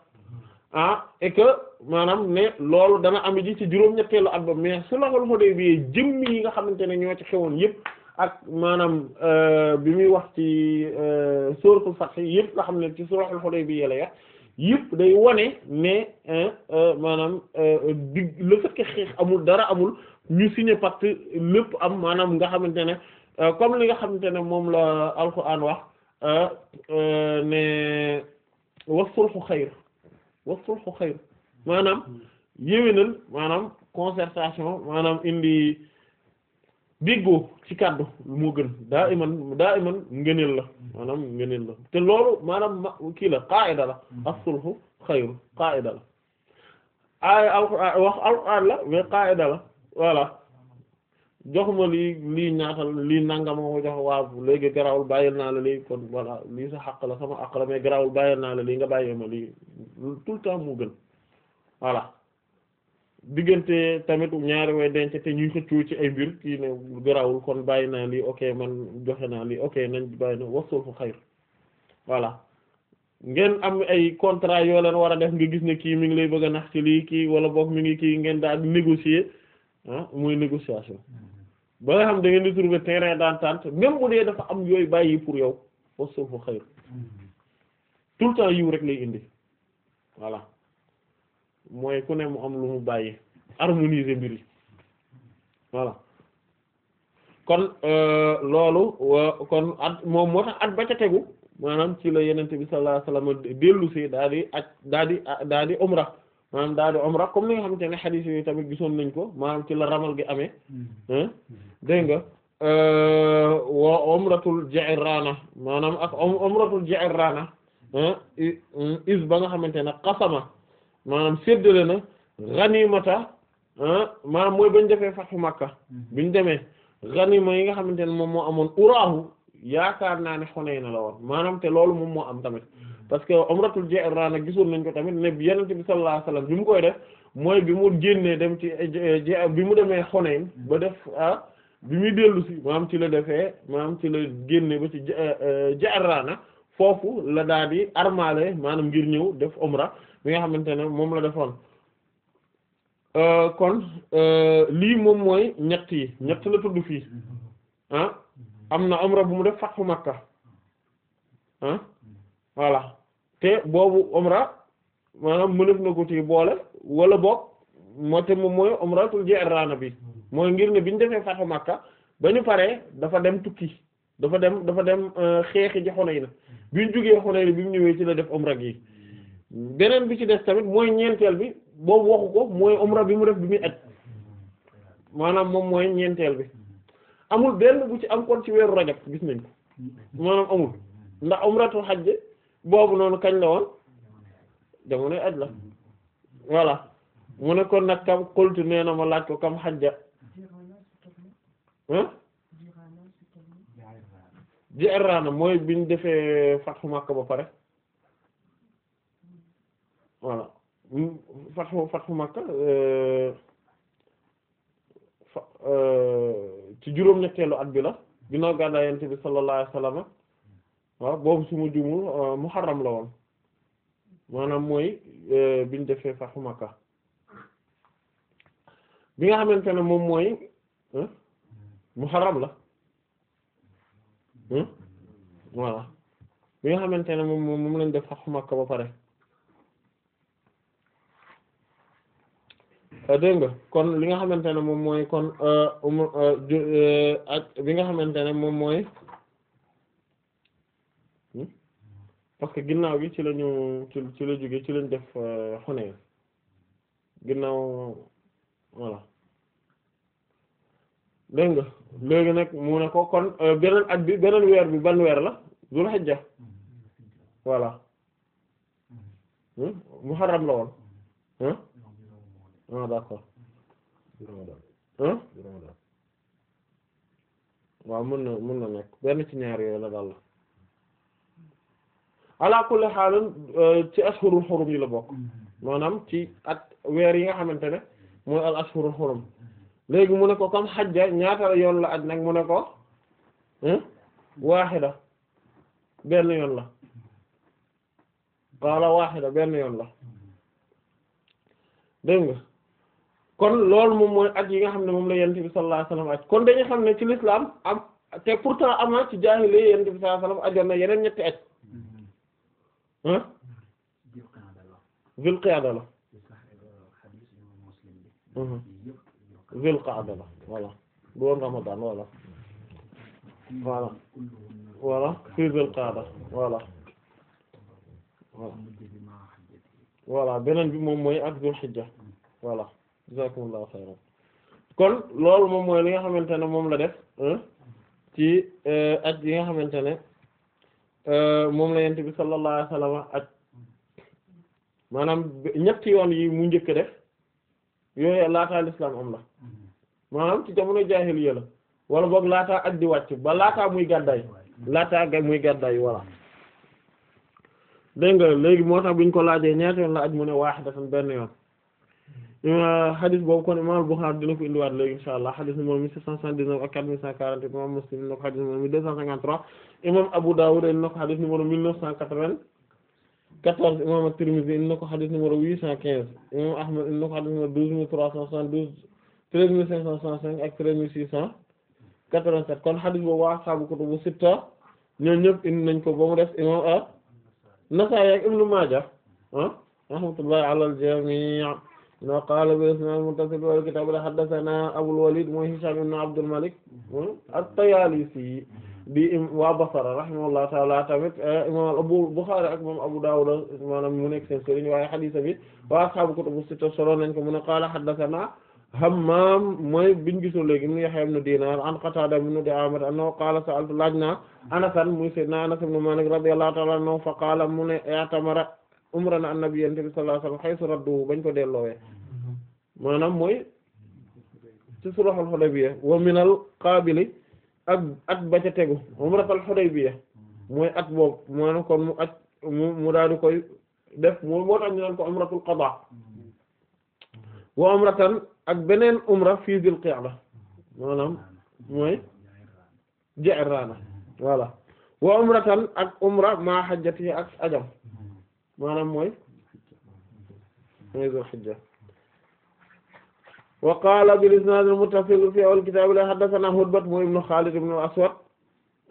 ah et que maanaam ne loolu dana am ji ci juróom-ñetteelu at ba mais su laxal bi jëmm yi nga xamante ne ñoo ci xewoon yëpp ak maanaam eh, bi muy wax ci eh, suratul fatx yëpp nga xam ne ci suratul bi la ya yëpp day wane ne euh, maanaam euh, dig le fait xeex amul dara amul ñu signé pacte lépp am maanaam nga xamante ne euh, comme li nga xamante ne moom la alxuraan wax ne wasulxu xayr wasulxu xayr maanaam hmm. yéwénal maanaam concertation maanaam indi déggoo ci kàddu moo gën daa iman daa iman ngëneel la maanaam ngëneel la te loolu maanaam kii la qaa'ida la mm-hmm. as-sulhu xayru qaa'ida la aaya alquraan wax alquraan la mais qaa'ida la voilà jox ma lii lii ñaatal lii nangama ma jox waaw léegi garawul bàyyil naa la lii kon voilà lii sa xaq la sama aq la mais garawul bàyyil naa la lii nga bàyyee ma lii tout le temps moo gën voilà diggante tamit ñaari way denc te ñuy xëccoo ci ay mbir kii ne garawul kon bàyyi naa lii ok man joxe naa lii ok nañ bàyyi na wasul fu xayr voilà ngeen am ay contrat yoo leen war a def nga gis ne kii mi ngi lay bëgg a nax ci lii kii wala boog mi ngi kii ngeen daal di négocier ah mooy négociation ba nga xam da ngeen di trouver terrain d'entente même bu dee dafa am yooyu bàyyi pour yow wasul fu xayr mm-hmm. tout le temps yiw rek lay indi voilà mooy ku ne mu am lu mu bàyyi harmoniser mbir yi kon euh, loolu kon at moom moo tax at ba tegu maanaam ci la yenente bi sallallahu alayhi wasallam dellu si daa di aj daa di daa di umra maanaam daa umra comme ni nga xamante ne xadiis yooyu tamit gisoon nañ ko maanaam ci la ramal gi amee mm-hmm. dégg nga euh, wa umratul Ji'rana maanaam ak um-, umratul Ji'rana is ba nga xamante ne qasama maanaam séddale na ganimata ah, maanaam mooy bañ defee fathu Makka mhm. biñ demee ganima yi nga xamante ne moom moo amoon uraahu yaakaar naa ne Hunayn la woon maanaam te loolu moom moo am tamit mhm. parce que umratul Ji'rana gisoon nañ ko tamit ne Yonent bi sallallahu alayhi wasallam mu koy def mooy bi mu génnee dem ci eh, bi mu demee Hunayn mhm. ba def ah bi muy dellu si maanaam ci la defee maanaam ci la génne ba ci eh, eh, Ji'rana foofu la daal di maanaam ngir ñëw def umra bi nga xamante ne moom la defoon euh, kon euh, lii moom mooy ñett yi ñett la tudd fii ah? am na umra bu mu def fathu Makka ah te boobu umra maanaam mënef na ko ci boole wala boog moo te moom mooy umratul Ji'rana bi mooy ngir ne bi ñu defee fathu Makka ba ñu paree dafa dem tukki dafa dem dafa dem euh, xeexi ji Xunayn bi ñu jógee Xunayn bi mu ñëwee ci la def umra gi beneen bi ci des tamit mooy ñeenteel bi boobu waxu ko mooy umra bi mu def bi muy aj maanaam moom mooy ñeenteel bi amul benn bu ci am kon ci weeru rajab gis nañ ko maanaam amul ndax xaj xajj boobu noonu kañ la woon jamonoy aj la voilà mu ne kon nag kam xoltu nee na ma laaj ko kam xajja ah Ji'rana mooy biñ defee Fathu Makka ba pare voilà fatxu fatxu Makka euh, euh, ci juróom-ñetteelu at bi la ginnaaw gàddaay Yonent bi sallallahu alayhi wasallam waaw boobu su ma juumul euh, muharram la woon maanaam mooy biñ defee fatxu Makka bi nga xamante ne moom mooy muharram la voilà bi nga xamante ne moom moom lañ def fatxu Makka ba pare Euh, dégg nga kon li nga xamante ne moom mooy kon euh, um, euh, ak bi nga xamante ne moom mooy hmm? parce que ginnaaw gi ci la ci ci la jóge ci lañ def xone ginnaaw voilà dégg nga léegi nag mu ne ko kon beneen at bi beneen weer bi ban weer la Dul Hijja voilà hmm? muharram la woon hmm? ah d'accord waaw mën na mën na nekk benn ci ñaar yooyu la daal la ala kulli xaal euh, ci ashurul xurum yi la bokk maanaam ci at weer yi nga xamante ne mooy al xurum léegi mu ne ko comme xajja ñaata yoon la aj nag mu ne ko waaxida benn yoon la qaala waaxida benn yoon la dégg nga kon loolu moom mooy aj yi nga xam ne moom la yonent bi sallallahu alayhi aj kon dañuy xam ne ci l'islam am te pourtant am na ci jaahiliya yonent bi sallallahu alayhi wasallam ajoon na yeneen ñetti aj ah zul qaada la zul qaada mhm. la voilà doon ramadan voilà voilà voilà fii zul qaada voilà voilà beneen bi moom mooy ak zul xijja voilà jazakumullahu xayran kon loolu moom mooy li nga xamante ne moom la def ci euh, aj yi nga xamante ne euh, moom la yent bi sallallahu alayhi wasallam maanaam ñetti yoon yi mu njëkk def yooyu laataa lislaam am la maanaam ci jamono jaahiliya la wala boog laataa ak di wàcc ba laataa muy gàddaay laataa ga muy gàddaay voilà dégg nga léegi moo tax buñ ko laajee ñaata yoon la aj mu ne waax waaxidatan benn yoon xadis euh, boobu kon imam Bukhari dina ko indiwaat léegi insha allah xadis numéro mille sept cent soixante-dix-neuf ak imam Muslim indi na ko xadis numéro mille deux cent trois imam Abu Dawud indi ko xadis numéro mille neuf cent quatre-vingt-quatorze imam At-Tirmidhi indi ko xadis numéro huit cent quinze imam Ahmad indi ko xadis numéro douze mille trois cent douze treize mille cinq cent soixante-cinq ak treize mille six cent quatre-vingt-sept kon xadis boobu waa ashaabu kutubu sitta ñoom ñëpp indi nañ ko ba mu def imam An-Nasa'i Ibn no qaala bi isnaad muttasil wal kitaab la haddathana Abul Walid mooy Hisham ibn Abdul Malik at-Tayalisi di waa Basra rahimahullahu ta'ala tamit eh, imam Abu Bukhari ak imam Abu Dawud maanaam mu nekk seen sëriñ waaye hadiis bi waa ashaabu kutubu sitta solo nañ ko mu ne qaala haddathana Hammaam mooy biñ gisul léegi mu Yahya ibn Dinar an Qatada ibn Di'aamat annahu qaala sa'altu laaj naa Anas muy sayyidina Anas ibn Malik radiyallahu ta'ala anhu fa qaala mu ne i'tamara umra na an-nabiy sallallahu bañ ko delloowee maanaam mooy ci sulhul Hudaybiya wa minal qaabili ak at ba ca tegu umratul Hudaybiya mooy at boobu maanaam kon mu at mu mu koy def moom moo tax ñu ko umratul qadaa wa umratan ak beneen umra fii dil qa'da maanaam mooy Ji'raana voilà wa umratan ak umra maa hajjati ak ajam maanaam mooy mooy zul wa qaala bil isnaad al muttasil fi awal kitaab la haddathana Hudbat mu ibnu Xaalid ibnu Aswad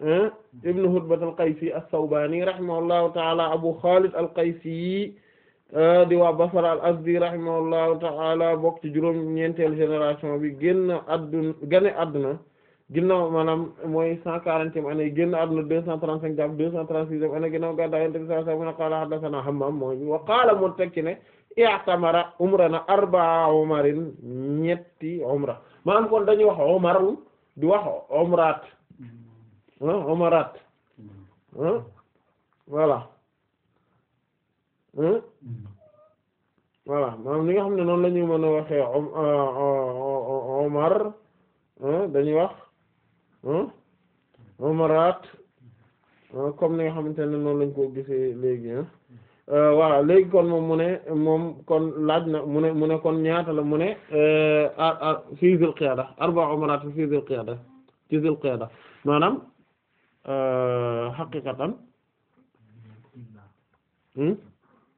ah, ibnu Hudbat al Qaysi as-Sawbaani rahimahullahu ta'ala Abu Xaalid al Qaysi ah, di waa Basra al Azdi rahimahullahu ta'ala bokk ci juróom-ñeenteel génération bi génn adduna gane adduna ginnaaw maanaam mooy cent quarantième année génn adduna deux cent trente-cinq jàpp deux cent trente-sixième année ginnaaw gàddaay Yonent bi sallallahu alayhi wa sallam qaala haddathana Hammaam wa qaala mu ne i'tamara umra na arbaa umarin ñetti umra maanaam kon dañuy wax umaru di wax umraat mm-hmm. ah, umraat mm-hmm. ah, voilà ah. Mm-hmm. voilà maanaam li nga xam ne noonu lañuy ñuy mën a waxee um, umar dañuy wax umraat comme ni nga xamante ne noonu lañ ko gisee léegi voilà euh, léegi kon moom mu ne moom kon laaj na mu ne mu ne kon ñaata la mu ne euh, fii zil qiyada arba umrat fii zil qiyada ci zil maanaam euh, haqiqatan hmm?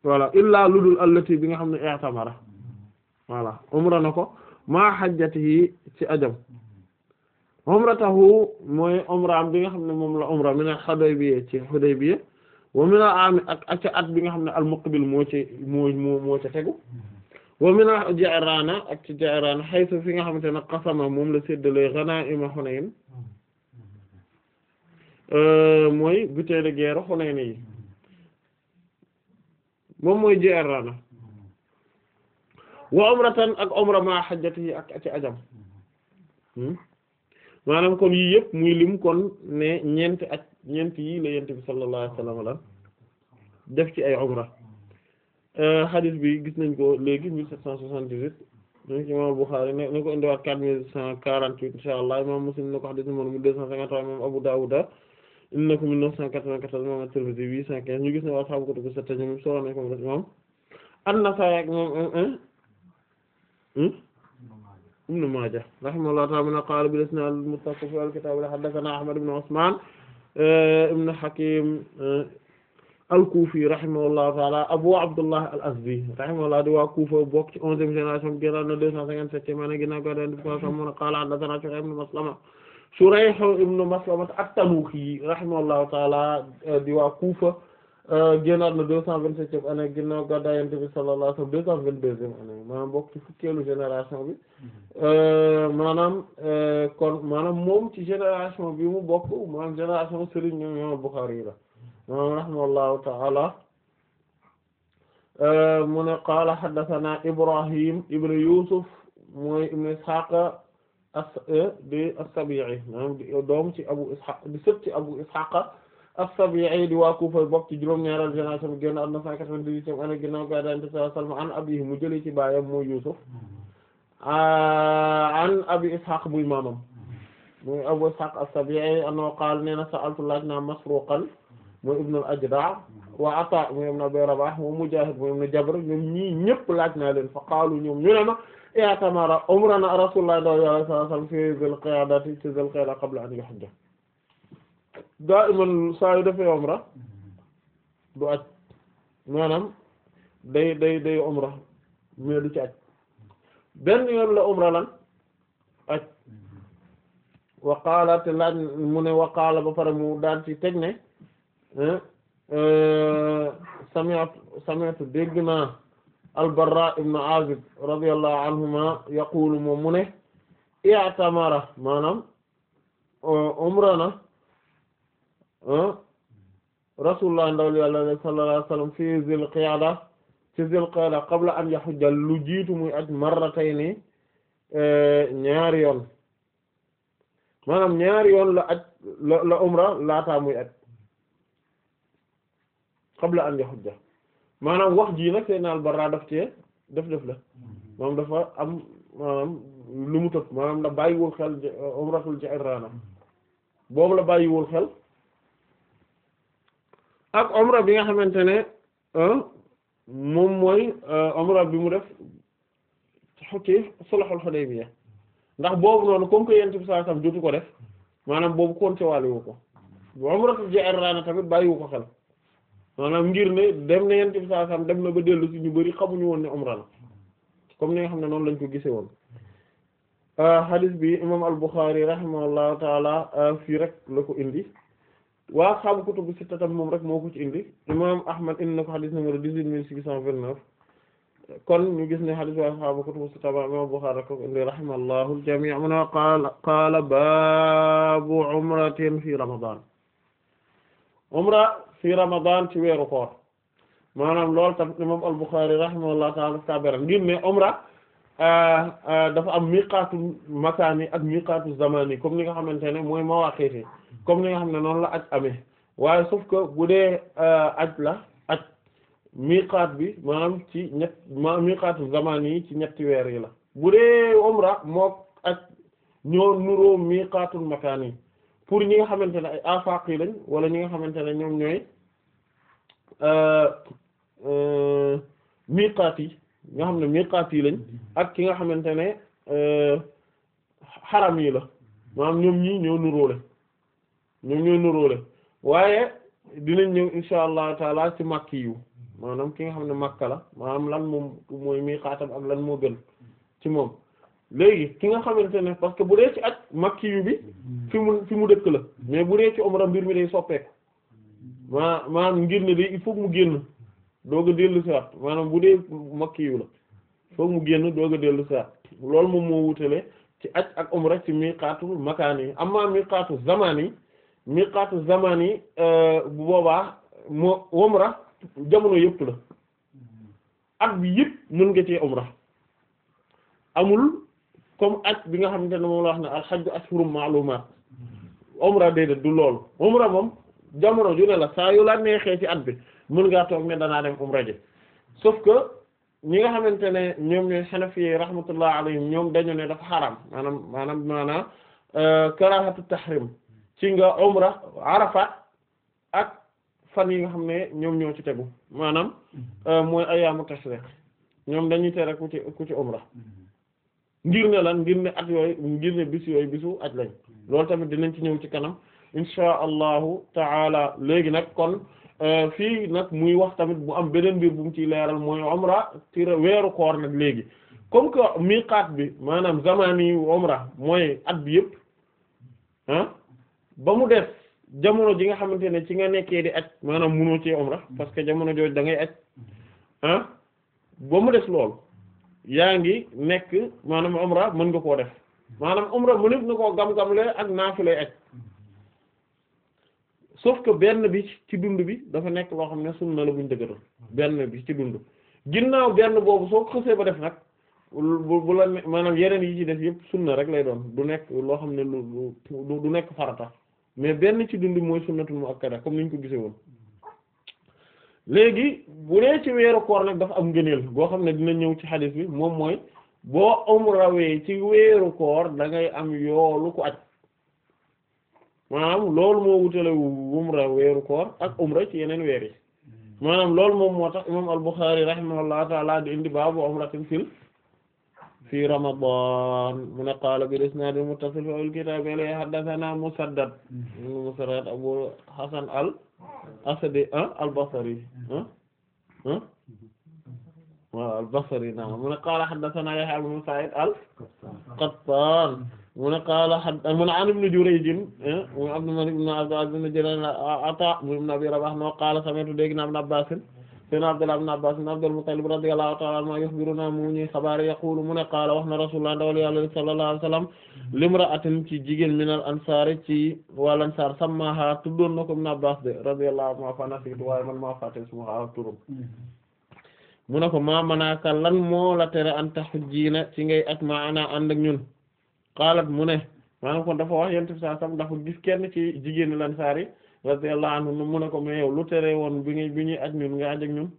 voilà illaa ludul allati bi nga xam ne i'tamara voilà umra na ko maa hajjatihi ci ajam umratahu mooy umraam bi nga xam ne moom la umra min Hudaybiya ci Hudaybiya wa mina ami ak ak ca bi nga xam ne almuqbil moo ci ak ci Ji'rana haythu nga xamante ne moom la séddale ghanaima Hunayn euh, mooy butin de guerre yi moom mooy Ji'rana wa umratan ak umra ma hajjati ak ci ajam hmm? maanaam kon yii yëpp muy lim kon ne ñeenti at ñeent yi la yent bi sallallahu alayhi wasallam lan def ci ay umra euh, hadith bi gis nañ ko léegi mille sept cent soixante-dix-huit donc imam Bukhari ne na ko indiwaat quatre mille cent quarante-huit insha Allah imam Muslim na ko hadith numéro mille deux cent cinquante-trois imam Abu Dawud in na ko mille neuf cent quatre-vingt-quatorze imam At-Tirmidhi huit cent quinze ñu gis ne waa sahabu kutubu sitta ñoom solo nañ ko mu def imam An-Nasa'i ak moom hmm? Ibn Maaja rahimahullahu ta'ala qaala bil isnaad al-muttasil fil kitaab haddathana Ahmad ibn Usmaan Eh, ibn Hakim eh, al-Kufi rahimahullahu ta'ala Abu Abdullah al-Azdi rahimahullah di waa Kufa bokk ci onzième génération bi génnoon na deux cent cinquante-septième année ginnaaw gàddaay Yonent bi sallallahu alayhi wa sallam mu ne qaala haddathanaa Shurayh ibn Maslama Shurayh ibn Maslama at-Tanuukhi rahimahullahu ta'ala eh, di waa Kufa Euh, génnaat na deux cent vingt-septième année ginnaaw gàddaay Yonent bi sallallahu alayhi bokk ci fukkeelu génération bi mhm. euh, maanaam euh, kon maanaam moom ci bi mu bokk maanaam génération Serigne ñoom ñoom Bukhari yi la maanaam rahimahullahu ta'ala mu ne qaala haddathana Ibrahim ibn Yusuf mooy ibn di Abu Ishaq as-Sabi'i di waa Kufa bokk ci juróom-ñaaral génération bi génn àdduna 198 année ginnaaw ga daan sallallahu an abihi mu jëlee ci baayam mooy Yusuf Ishaq muy maamam muy Abu Ishaq as-Sabi'i annahu qaala nee na sa'altu laaj naa Masruqan mooy ibn al-Ajda' wa Ata mooy ibn Abi Rabah wa Mujahid mooy ibn Jabr ñoom ñii ñëpp laaj naa leen fa qaalu ñoom ñu ne ma i'tamara umrana Rasulullah sallallahu alayhi wa sallam fi Dhil-Qi'dati ci Dhil-Qi'da qabla an yuhajja daa iman saa defee omra du aj maanaam day day day omra mais du ci aj benn yoon la omra lan aj waqaala te laaj mu ne waqaala ba pare mu daal ci teg ne euh, sami'tu sami'tu dégg naa al anhuma yaqulu moom mu ne i'tamara maanaam euh, umra na rasulullah ndawal yàlla sallallahu alayhi wasallam fi zil qiyada ci zil qiyada qabla an yahujja lu jiitu muy aj marratayni eh, ñaari yoon maanaam ñaari yoon la aj la la umra laataa muy aj qabla an yahujja maanaam wax jii nag seen al daf cee def def la moom dafa am maanaam lu mu tëb maanaam la bàyyiwul xel umratul Ji'rana boobu la bàyyiwul xel ak omra bi nga xamante ne euh, moom mooy euh, omra bi mu def ci sulhul Hudaybiya ndax boobu noonu comme que yent bi saa sam ko def maanaam boobu konte waale wu ko omratul Ji'rana tamit bàyyiwu ko xel maanaam ngir ne dem na yent bi saa dem na ba dellu ci ñu bari xamuñu woon ne omra la comme ni nga xam ne noonu lañ ko gisee woon euh, hadith bi imam al-Bukhari rahimahullahu taala fii rek la ko indi waa xaabu kutubu sitta tam moom rek moo ko ci indi imam ahmad indi na ko xadis numéro dix-huit mille six cent vingt-neuf kon ñu gis ne xadis waa xaabu kutubu sitta ba imam Bukhari rek ko indi rahimallahu al-jami' mu ne qaala qaala baabu umratin fi ramadan umra fi ramadan ci weeru koor maanaam loolu tam imam al-Bukhari rahimahullahu ta'ala daf ka beral ngir ne umra ah, ah, dafa am miqaatu makaani ak miqaatu zamaani comme ni nga xamante ne mooy mawaaqiiti comme ni nga xam ne noonu la aj amee waaye sauf que bu dee euh, aj la aj miqaat bi maanaam ci ñett maanaam miqaatu zamaan yi ci ñetti weer yi la bu dee umra moo aj ñoo nuroo miqaatul makaan yi pour ñi nga xamante ne ay afaq yi lañ wala ñi nga xamante ne ñoom ñooy euh, euh, miqaat yi nga xam ne miqaat yi lañ ak ki nga xamante ne xaram yi la maanaam ñoom ñii ñoo nuróole ñoom ñooy nuróole waaye dinañ ñëw insha allah taala ci makki yu maanaam ki nga xam ne makka la maanaam lan moom mooy mi xaatam ak lan moo gën ci moom léegi ki nga xamante ne parce que bu dee ci aj makki yu bi fi mu fi mu dëkk la mais bu dee ci om mbir mi day soppeeku maa maanaam ngir il faut mu génn doog a dellu si waat bu dee makki yu la foog mu génn doog ga dellu si waat loolu moom moo wutale ci aj ak rek ci miqaatu makaani amma miqaatu zamaani miqaatu zamaan yi euh, bu boobaa moo umra jamono yëpp la at bi yëpp mën nga cee umra amul comme aj bi nga xamante ne moom la wax ne alxajju ashhurum maalumaat umra déedéet du loolu umra moom jamono ju ne la saa yu la neexee ci at bi mën ngaa toog ne danaa dem umra ji sauf que ñi nga xamante ne ñoom ñooy xanafi rahmatullah alayhim ñoom dañu ne dafa xaram maanaam maanaam euh, karaahatu tahrim ci nga umra arapa ak fan yi nga xam ne ñoom ñoo ci tegu maanaam mm-hmm. euh, mooy ayaamu tashriq ñoom dañuy tere ku ci ku umra mm-hmm. ngir ne lan ngir ne at yooyu ngir ne bis yooyu bisu at lañ mm-hmm. loolu tamit dinañ ci ñëw ci kanam insha allahu taala léegi nag kon euh, fii nag muy wax tamit bu am beneen mbir bu mu ciy leeral mooy umra ci weeru koor nag léegi comme que miqaat bi maanaam zamani umra mooy at bi yëpp ba mu def jamono ji nga xamante ne ci nga nekkee di aj maanaam munoo ci umra parce que jamono jooju da ngay aj ah ba mu des loolu yaa ngi nekk maanaam umra mën nga koo def maanaam umra mu nit na koo gam-gamle ak naafilay aj sauf que benn bi ci dund bi dafa nekk loo xam ne sunna la buñ dëggatal benn bi ci dund ginnaaw benn boobu soo xësee ba def nag bu bu la maanaam yeneen yi ci def yëpp na rek lay doon du nekk loo xam ne lu du nekk farata mais benn ci dund mooy sunnatul muakkada comme ñu ko gisee woon léegi bu dee ci weeru koor nag dafa am ngëneel goo xam ne dina ñëw ci xadis bi moom mooy boo umrawee ci weeru da ngay am ko aj maanaam loolu moo wutale umra weeru koor ak umra ci yeneen weer yi hmm. maanaam loolu moom moo tax imam al-Bukhari rahimahullahu ta'ala di indi baabu umratin fil fi Ramadan mu ne qaala bil isnaad al muttasil fil kitaab ilayhi haddathanaa Musaddad Musaddad Abu Hasan al Asadi al Basri waaw al Basri naam mu ne qaala haddathanaa Yahyaa ibn Sa'iid al Qattaan mu ne qaala mu ne an Ibn Jurayj mu Abdul Malik ibn Abd ibn Jurayj Ataa ibn Abi Rabaah qaala sami'tu dégg naa Ibn Abbaas sayyidina Abdullah ibn Abbas ibn Abdul Muttalib radiyallahu ta'ala anhuma yukhbiruna mu ñuy xabaar yaqulu mu ne qaala wax na rasulullah ndawal yàlla sallallahu ci jigéen minal ansaar ci wal ansaar sammaha na ko ibn Abbas de radiyallahu mu ne ko maa lan moo la tere an tahujjina ci ngay ak maana ànd ak ñun qaalat mu ne maanaam kon dafa wax yonent bi sallallahu alayhi wasallam kenn ci jigéen lansaar yi radiyallahu anhu mu ne ko mais yow lu tere woon bi nga bi ñuy ñun nga aj ñun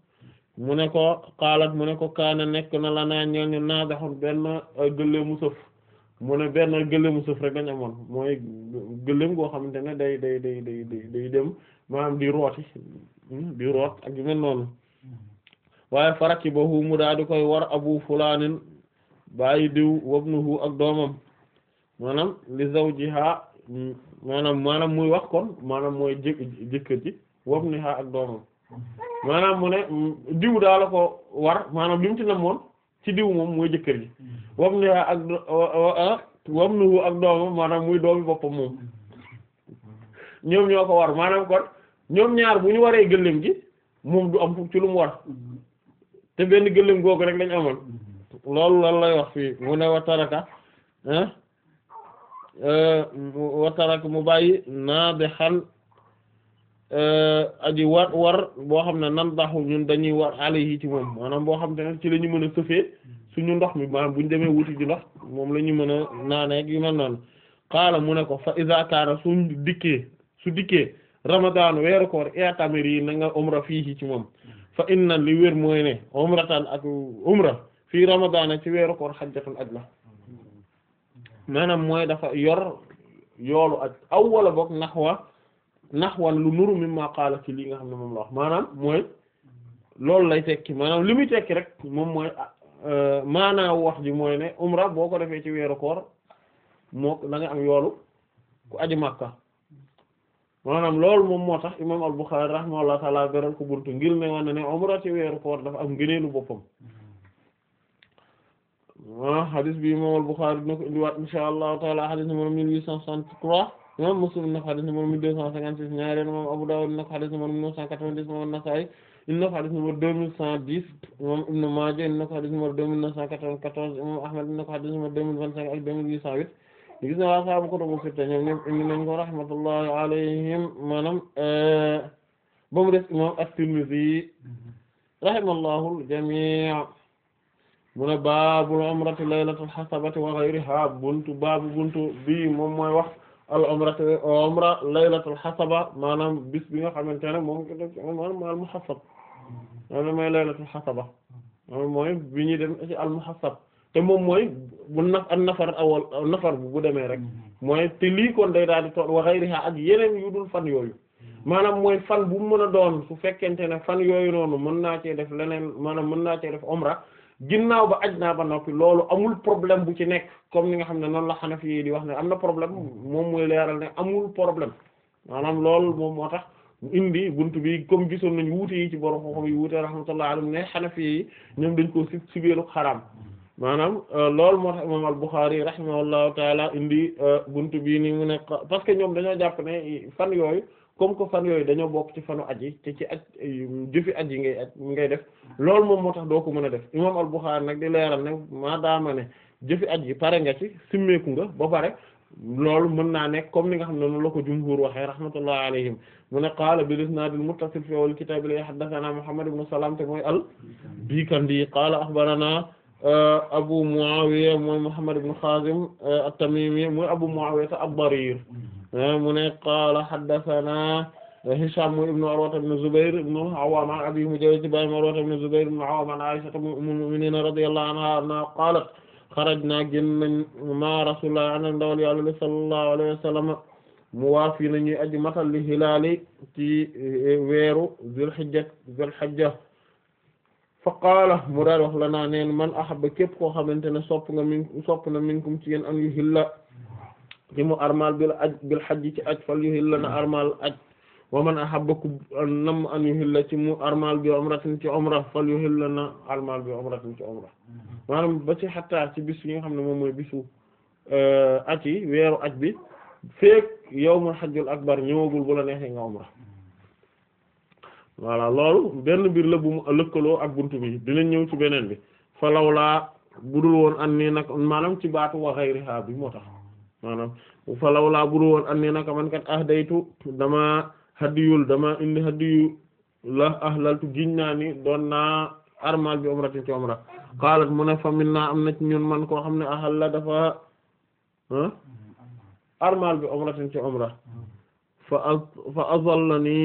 mu ne ko xaalat mu ne ko kaana nekk na la naa ñeel ñu naadaxoon benn euh, gëléemu sëf mu ne benn gëléemu sëf rek lañ amoon mooy gëléem goo xamante ne day day day day day dem maanaam di rooti hmm, di root ak yu noonu waaye faraki boobu mu daal di koy war abu fulaanin bàyyi diw wabnuhu ak doomam maanaam li zawjiha hmm, maanaam maanaam muy wax kon maanaam mooy jë jëkkër ji wob ni xaa ak doomam maanaam mu ne mm, diw daa la ko war maanaam li mu ci namoon ci diw moom mooy jëkkër ji wob ni xaa ak wob doomam maanaam muy doomi boppam moom ñoom ñoo ko war maanaam kon ñoom ñaar bu ñu waree gëléem gi moom du am fu ci lu mu war te benn gëléem googu rek lañ amoon loolu lan lay wax fii mu ne wa taraka wa tarak na bàyyi naadixan e, aji war war boo xam ne nan daxu ñun dañuy war alayhi ci moom maanaam boo xam ne ci la ñu mën a sëfee suñu ndox mi maanaam bu ñu demee wuti ji moom la ñu mën a naaneeg yu mel noonu xaala mu ne ko fa iza kaana su dikkee su dikkee ramadan weeru koor i'tamir yi na nga umra fii ci moom fa inna li wér mooy ne umratan ak umra fii ramadan ci weeru koor xajjatul aj la maanaam mooy dafa yor yoolu ak aw wala boog naxwa naxwan lu nuru mimma qaala ci li nga xam ne moom la wax maanaam mooy loolu lay tekki maanaam li muy tekki rek moom mooy euh, maanaam wax ji mooy ne umra boo ko defee ci weeru koor mook da nga am yoolu ku aji Makka maanaam loolu moom moo tax imaam al-Bukhârî rahimahullah taala beral ko buntu ngir ne woon ne umra ci weeru koor dafa am ngëneelu boppam ah hadith bi imam al-Bukhari dina ko indiwaat insha allahu taala hadith numéro mille huit cent soixante-trois imam Muslim na ko hadith numéro mille deux cent cinquante-six ñaareel imam Abu Dawud na ko hadith numéro mille neuf cent quatre-vingt-dix imam Nasa'i na ko hadith deux mille cent dix imam Ibn Majah na ko hadith deux mille neuf cent quatre-vingt-quatorze imam Ahmad na ko hadith deux mille vingt-cinq deux mille huit cent huit gis na waa sahaabu kutubu sitta ñoom ñëpp indi nañ mu ne baabul umrati laylatul xasabati wa ghayriha buntu baabu buntu bi moom mooy wax al umrati umra laylatul xasaba maanaam bis nga xamante ne moom moom al muhassab maanaam mooy laylatul xasaba moom mooy bi ñuy dem ci te moom mooy bu naf ak nafar awal nafar bu bu demee rek mooy te day daal di toog wa ghayriha ak yeneen yu dul fan yooyu maanaam mooy fan bu mu mën a doon su fekkente ne fan yooyu noonu mën naa cee def leneen maanaam mën naa cee def omra ginnaaw ba aj naa ba noppi loolu amul problème bu ci nekk comme ni nga xam ne noonu la Hanafi yi di wax ne am na problème moom mooy leeral ne amul problème maanaam lool moom moo tax indi bunt bi comme gisoon nañu wuute ci borom xam-xam yi wuute rahmatullah alayhi ne Hanafi yi ñoom dañ koo si sibeelu xaraam maanaam euh, loolu moo tax imam al-Bukhari rahimahullahu taala indi euh, bunt bii ni mu nekk parce que ñoom dañoo jàpp ne fan yooyu comme que fan yooyu dañoo bokk ci fanu aj yi te ci aj jëfi aj yi ngay aj ngay def loolu moom moo tax doo ko mën a def imam al-Bukhârî nag di leeral ne maadaama ne jëfi aj yi pare nga ci simmeeku nga ba pare loolu mën naa nekk comme ni nga xam ne noonu la ko jumhur waxee rahmatullah alayhim mu ne qaala bil isnaadil muttasil fi awwal kitaab li haddathana Muhammad ibn Salam te mooy al Bikandi qaala akhbarana uh, Abu Muawiya mooy Muhammad ibn Khazim uh, at-Tamimi mooy Abu Muawiya te ad-Darir mu ne qaala haddathana Hisham ibn Urwa ibn Zubair ibn Awwam an abiihi mu jëlee ci baayam Urwa ibn Zubair ibn Awwam an Aisha ummul mu'minin radiyallahu anha annahaa qaalat xarajnaa génn nañ ma Rasulullah ana ndawal Yàlla sallallahu alayhi wa sallam mu waafi nañuy aji matal li hilaali ci e, weeru Zul Hijja Zul Hijja fa qaala mu daal wax la naa neen man ahabba képp koo xamante ne sopp nga min sopp na minkum ci yéen an yuhilla ci mu armal bil aj bil hajji ci aj fal yuhilla na armal aj wa man ahabba ku nam an yuhilla ci mu armal bi umratin ci umra fal yuhilla na armal bi umratin ci umra maanaam ba ci xatta ci bis yi nga xam ne moom mooy bisu euh, aj yi weeru aj bi feek yawmul hajjul akbar ñëwagul bu la neexee nga umra voilà loolu benn biir la bu lëkkaloo ak buntu bi dinañ ñëw ci beneen bi fa lawlaa budul woon an nii nag maanaam ci baatu wa ghayriha bi moo tax maanaam fa lawlaa buru woon an ni man kat ahdaytu dama hadiyul dama indi hadiyu la ahlaltu giñ naa ni doon naa armal bi umratin ci umra qalat mu ne fa min naa am na ci ñun man koo xam ne ahal la dafa armal a fa azallani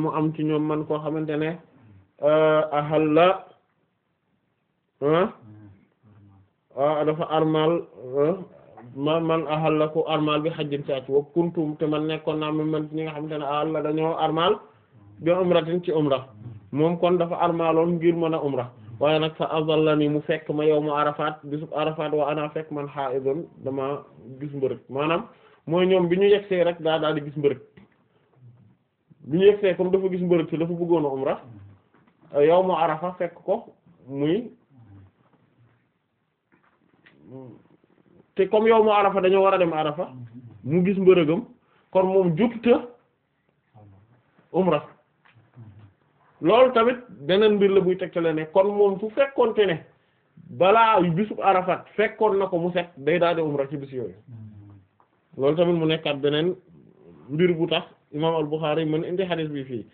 mu am ci ñoom man koo xamante ne eh, Ah, dafa armal ah, ma man la ko armal bi xajjin ci acc kuntum te man nekkoon naa ma man ñi nga xam xamante ne ahalla dañoo armal bi umratin ci umra moom kon dafa armaloon ngir mën a umra waaye nag fa azallani mu fekk ma yow ma arafat bisub arafat wa ana fekk man haidun dama gis mbërëg maanaam mooy ñoom bi ñu yekk see rek daa di gis mbërëg bi ñu yegsee comme dafa gis mbërëg si dafa bëggoon a umra yow ma arafa fekk ko muy te comme yow mu arafa dañoo war a dem arafa mu gis mbërëgam kon moom jotuta umra loolu tamit beneen mbir la buy tegtale ne kon moom su fekkoonte ne balaa bisub arafat fekkoon na ko mu set day daal di umra ci bis yooyu loolu tamit mu nekkaat beneen mbir bu tax imaam al-Bukhari mën indi xadiis bi fii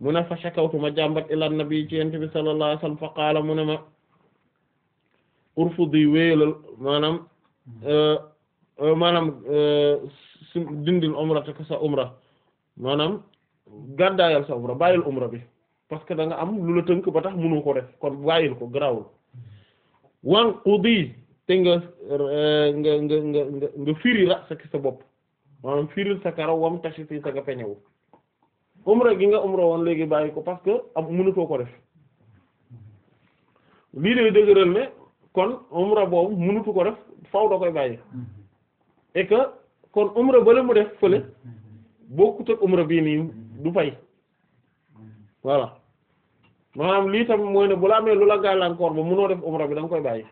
mu ne fa shakawtu ma jàmbat ila nabi ci yent bi sallallahu alayhi fa qaala mu ne ma urfudi weelal maanaam euh, euh, maanaam euh, dindil umra te sa umra maanaam gàddaayal sa umra bàyyil umra bi parce que da nga am lu la tënk ba tax mënu ko def kon bàyyil ko garaawul wan qudi te nga nga nga nga nga firi sa ki sa bopp maanaam firil sa karaw wam tashi si sa nga peñewu umra gi nga umra woon léegi bàyyi ko parce que am mënutoo ko def lii day dëgëral ne kon umra boobu mënutu ko def faw da koy bàyyi mm-hmm. et que kon umra bale mu def fële mm-hmm. bokkut ak umra bii nii mm-hmm. du fay voilà maanaam lii tamit mooy ne bu la amee lu la gàllankoor ba mënoo def umra bi da koy bàyyi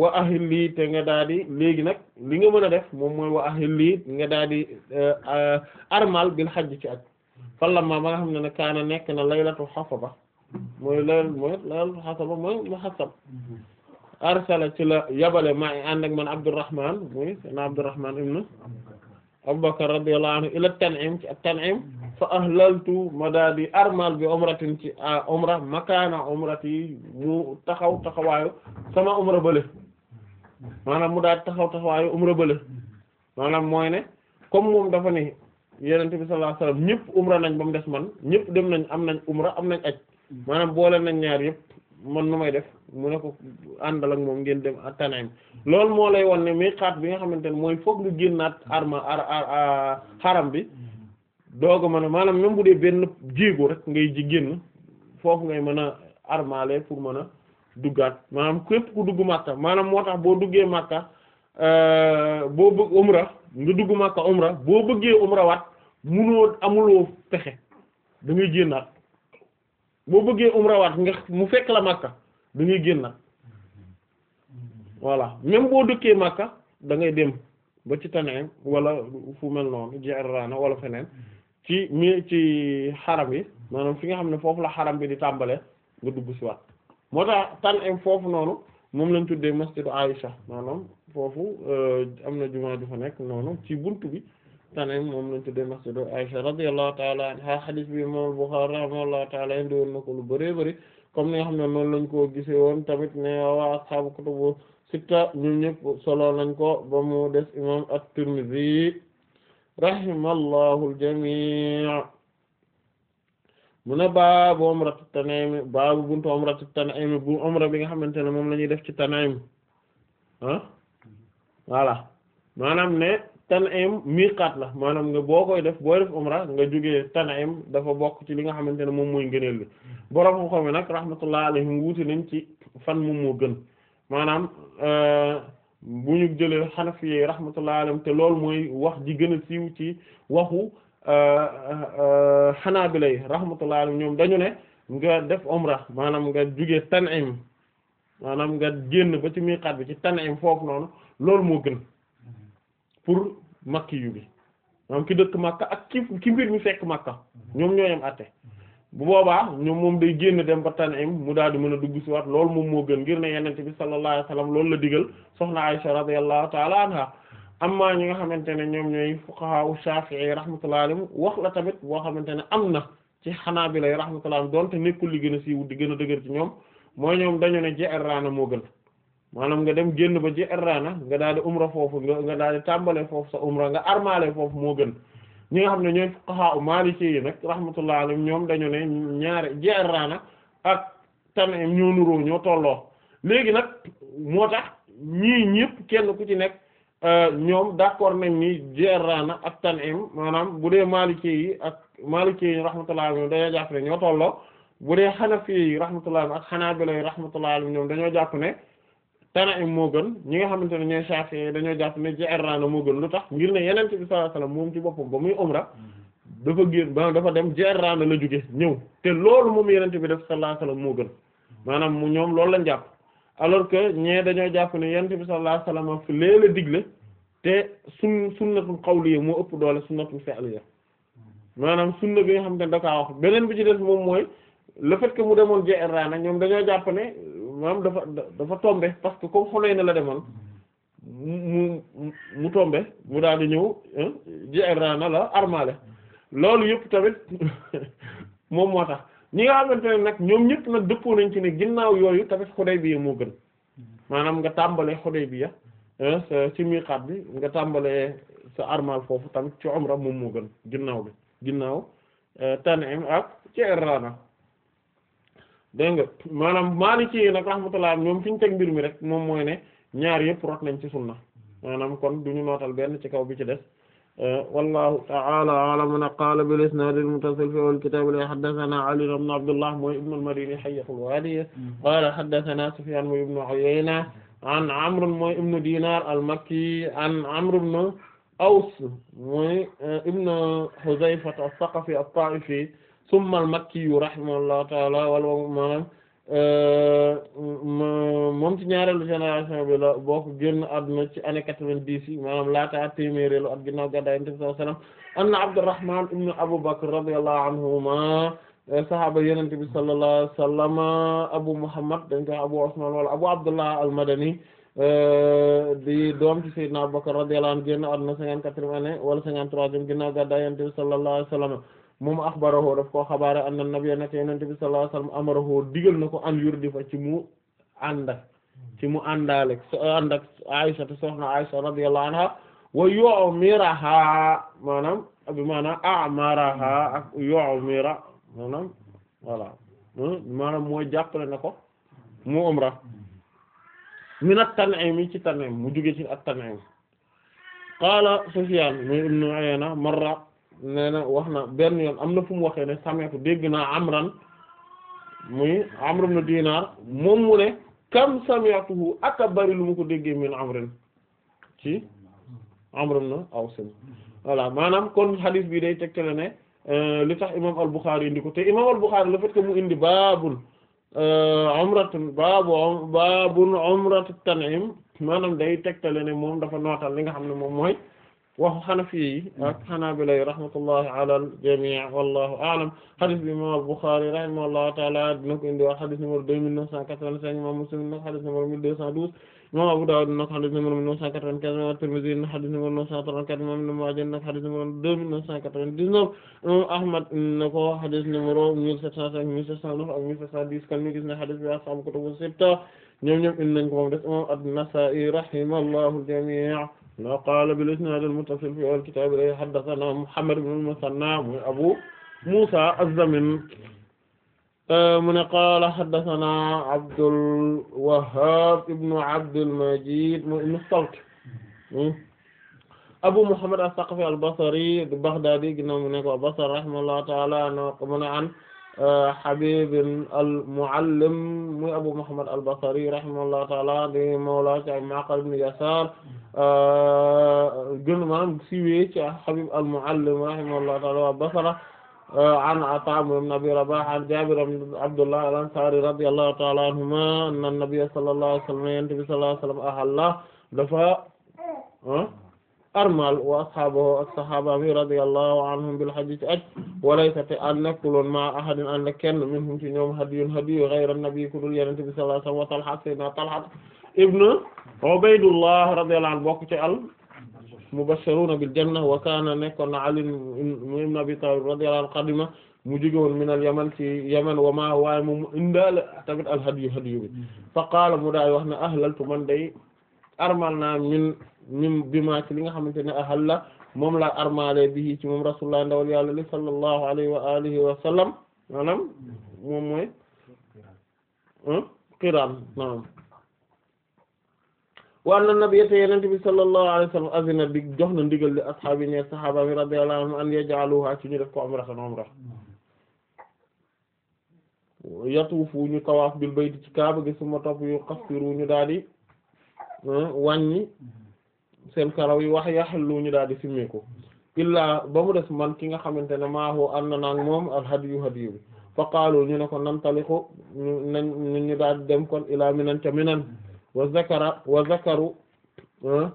wa ahil lii te nga daal di léegi nag li nga mën a def moom mooy wa ahil lii nga daal di euh, euh, armal bil xaj ci ak fan la ba nga xam ne ne kaana nekk na laylatul xafa ba mooy lal mooy lal xasaba mooy muhassab arsala ci la yabale ma ànd ak man Abdurrahman muy na Abdurrahman ibn Abubakar radiyallahu anhu ila Tan'im ci Tan'im fa ahlaltu ma daa di armal bi umratin ci ah, umra makaana umrati mu taxaw taxawaayu sama umra bële maanaam mu daal taxaw taxawaayu umra bële maanaam mooy ne comme moom dafa ne yonent bi sallallahu ñëpp umra nañ ba des man ñëpp dem nañ am nañ umra am nañ aj maanaam boole nañ ñaar yëpp man nu may def mu ne ko àndal ak moom ngeen dem Tanaim loolu moo lay won ne mais xaat bi nga xamante ne mooy foog nga génnaat arma ar ar xaram bi dooga mën a maanaam même bu dee benn jéego rek ngay ji génn foofu ngay mën a armale pour mën a duggaat maanaam képp ku dugg Makka maanaam moo tax boo duggee Makka euh, boo bëgg umra nga dugg Makka umra boo bëggee umra waat munoo amuloo pexe da ngay génnaat boo bëggee rawaat nga mu fekk la Makka da ngay génn voilà même boo dëkkee Makka da dem ba ci Tanim wala fu mel noonu Ji'rana wala feneen ci mi ci xaram yi maanaam fi nga xam ne foofu la xaram bi di tàmbalee nga dugg ci waat moo tax Tanim foofu noonu moom lañ tuddee masjidu Aïcha maanaam foofu euh, am na jumaa ju fa nekk noonu ci buntu bi Tanim moom lañ tuddee masjidu Aisha radiyallahu ta'ala anha hadith bi imam Bukhari rahimahullahu ta'ala indi na ko lu bëree bëri comme ni nga xam ne noonu lañ ko gisee woon tamit ne waa ashaabu kutubu sitta ñun ñëpp solo nañ ko ba mu des imam at-Tirmidhi rahimallahu al-jami' mu ne baabu umratu Tanaymi baabu buntu bu umra bi nga xamante ne moom la ñuy def ci Tanaymi ah voilà maanaam ne Tan'im miqaat la maanaam nga boo koy def boo def umra nga jógee Tan'im dafa bokk ci li nga xamante ne moom mooy ngëneel bi borom xam-xam yi nag rahmatullah alayhim wuute nañ ci fan moom moo gën maanaam euh, bu ñu jëlee Hanafi yi rahmatullah alayhim te loolu mooy wax ji gën a siiw ci waxu euh, euh, Hanabila yi rahmatullah alayhim ñoom dañu ne nga def umra maanaam nga jógee Tan'im maanaam nga génn ba ci miqaat bi ci Tan'im foofu noonu loolu moo gën. pour makki yu bi maanaam ki dëkk makka ak ki ki mbir mi fekk makka ñoom ñoo yem àtte bu boobaa ñoom moom day génn dem ba Tan'im mu daal di mën a dugg ci waat loolu moom moo gën ngir ne yenente bi sallallahu alayhi loolu la digal soxna Aisha radiyallahu ta'ala anha amma ñi nga xamante ne ñoom ñooy fuqaha u Shafi'i rahmatullahi alayhim wax la tamit boo xamante ne am na ci bi Hanabila laa alayhim donte nekkul li gën a siiw di gën a dëgër ci ñoom mooy ñoom dañu ne Ji'rana moo gën maanaam nga dem génn ba ci Irana nga daal di umra foofu nga daal di tàmbale foofu sa umra nga armale foofu moo gën ñi nga xam ne ñooy fuqaha maliki yi nag rahmatullah alayhim ñoom dañu ne ñaari ji Irana ak Tanim ñoo ñoo tolloo léegi nag moo tax ñii ñëpp kenn ku ci nekk euh, ñoom d'accord nañ ni ji Irana ak Tanim maanaam bu dee maliki yi ak maliki yi rahmatullah alayhim dañoo jàpp ne ñoo tolloo bu dee xanafi yi rahmatullah alayhim ak xanaabila yi rahmatullah alayhim ñoom dañoo jàpp ne Tana'im moo gën ñi nga xamante ne ñooy Shafi'i dañoo jàpp ne Ji'irraana moo gën lu tax ngir ne Yonent bi sallallahu moom ci boppam ba muy umra mm-hmm. dafa génn ba dafa dem Ji'irraana la jóge ñëw te loolu moom Yonent bi def sallallahu alayhi wasallam moo gën mm-hmm. maanaam mu ñoom loolu lañ jàpp alors que ñee dañoo jàpp ne Yonent bi sallallahu alayhi wasallam fi lee la digle te sun sunnatul qawliyya moo ëpp doole sunnatul fi'liyya mm-hmm. maanaam sunna bi nga xam ne da kaa wax beneen bi ci des moom mooy le fait que mu demoon Ji'irraana ñoom dañoo jàpp ne maanaam dafa dafa tombe parce que comme xolay na la demoon mu mu tombe mu daal di ñëw Ji'rana la armale loolu yëpp tamit moom moo tax ñi nga xamante ne nag ñoom ñëpp nag dëppoo nañ ci ne ginnaaw yooyu tamit Xudaybiya moo gën maanaam nga tàmbalee Xudaybiya ci miqaat bi nga tàmbalee sa armal foofu tamit ci umra moom moo gën ginnaaw bi ginnaaw euh, Tan'im ak Ji'rana dégg nga maanaam Maliki yi nag rahmatullah ñoom fi ñu teg mbir mi rek moom mooy ne ñaar yëpp rot nañ ci sunna maanaam kon du ñu nootal benn ci kaw bi ci des euh, wallahu ta'ala a'lam man qala bil isnad al muttasil fi al kitab li haddathana Ali ibn Abdullah mooy ibn al Madini hayyatul wadiy qala haddathana Sufyan mooy ibn Uyayna an Amr mooy ibn Dinar al Makki an Amr ibn Aws mooy euh, ibn Hudhayfa as-Saqafi at-Ta'ifi summa al-Makkiyu rahimahullahu taala wala maanaam moom ci ñaareelu génération bi la bokk génn àdduna ci anne quatre-vingt-dix yi maanaam laata téeméeréelu at ginnaaw gàddaay Yonent bi sallallahu wasallam Abu Bakr radiyallahu anhuma sahaaba Yonent bi sallallahu alayhi wasallam Abu Muhammad dañ koy Abu Usman wala Abu Abdullah al-Madani euh, di doom ci Sayyidina Abu Bakr radiyallahu anhu génn àdduna cinquante-quatrième année wala cinquante-troisième ginnaaw gàddaay Yonent bi sallallahu wasallam moom axbarahu daf koo xabaare anna nabiyya nak yonent bi sallallahu alayhi wasallam digal na ko an yurdifa ci mu ànd ci mu àndaale ànd ak Aisha te soxna Aisha radiyallahu anha wa yu'miraha maanaam bi maanaam amaraha ak yu'mira maanaam voilà maanaam mooy jàppale na ko mu umra min at-Tan'im ci Tan'im mu jóge ci at-Tan'im qaala Sufyan ibn Uyayna marra nee na wax na benn yoon am na fu mu waxee ne sametu dégg naa amran muy amr ibn dinar moom mu ne kam sami'tuhu aka bari lu mu ko déggee min amrin ci amr ibn aws voilà maanaam kon hadith bi day tegtale ne euh, li tax imam al-Bukhari indi ko te imam al-Bukhari le fait mu indi baabul euh, umratun baabu baabul umratu tan'im maanaam day tegtale ne moom dafa nootal li nga xam ne moom mooy waxu xanafi yi hmm. ak xanaabila yi rahmatullahi ala al jamii wallahu a'lam xadis bi imam al-Bukhari rahimahullahu taala dina ko indi waa xadis numéro deux mille neuf cent quatre-vingt-cinq imam Muslim na ko xadis numéro mille deux cent douze imam Abu Dawud na ko xadis numéro mille neuf cent quatre-vingt-quinze imam Tirmidhi na ko xadis numéro neuf cent trente-quatre imam Ibn Maaja na ko xadis numéro deux mille neuf cent quatre-vingt-dix-neuf imam Ahmad na ko xadis numéro mille sept cent cinq mille sept cent neuf ak mille sept cent dix kan ñu gis ne xadis bi ashaabu kutubu sitta ñoom ñoom indi nañ ko moom des imam an-Nasaa'i rahimahullahu al-jamii no qaala bil isnaad al muttasil fi al kitaab la haddathana Muhammad ibn al-Musanna muy Abu Muusa az-Zamin mu ne qaala haddathana Abdul Wahhab ibn Abdul Majid muy ibn as-Salt Abu Muhammad as-Saqafi al-Basri al-Baghdadi ginnaaw mu ne ko Basra rahimahullahu ta'ala mu ne an Habib al-Mu'allim muy Abu Muhammad al-Basri rahimahullahu ta'ala di mawla ci Ma'qil ibn Yasar gën maanaam siiwee ci Habib al-Mu'allim rahimahullahu ta'ala wa Basra an Ata ibn Abi Rabah an Jabir ibn Abdullah al-Ansari radiyallahu ta'ala anhuma anna an-nabiyya sallallahu alayhi wa sallam yonent bi sallallahu alayhi wa sallam ahalla dafa ah, armal wa ashaabahu ak sahabaami radiyallahu anhum bil hajji ci aj walaysa te an nekkuloon ma ahadin ànd ak kenn minhum ci ñoom hadiyun hadiyu ghayra nabi ku dul yenente bi sallallahu alayhi wa sallam wa talha sayyidina talha ibn ubaydullah radiyallahu anhu bokk ci al mubashiruna bil janna wa kana nekkoon na ali ibn abi talib radiyallahu anhu qadima mu jóge woon min al yaman ci yaman wa ma waaye moom indaale tamit al hadiyu hadiyu bi fa qaala mu daay wax ne ahlaltu man day armal naa min ñim bi ma ci li nga xamante ne la moom la armale bi ci moom laa ndawal yàlla li sallallahu alayhi wa wa sallam maanaam moom mooy qiraan maanaam wa anna nabiyata yenente bi sallallahu alayhi wa azina bi jox na ndigal li ashaabi ñeer sahaaba mi radiyallahu anhum an yaj'aluha ci ñu def ko umratan umra yatuufu ñu tawaaf bil bayti ci kaaba gi suma topp yu qassiru ñu daal di wàññi seen karaw yi wax yaxillu ñu daal di simmeeku illaa ba mu des man ki nga xamante ne maahu ànd na naag moom al hadiyu hadiyu bi fa qaalu ñu ne ko nantaliku ñu nañ ñu daal di dem kon ilaa nan ca minan wa zakara wa zakaru ah,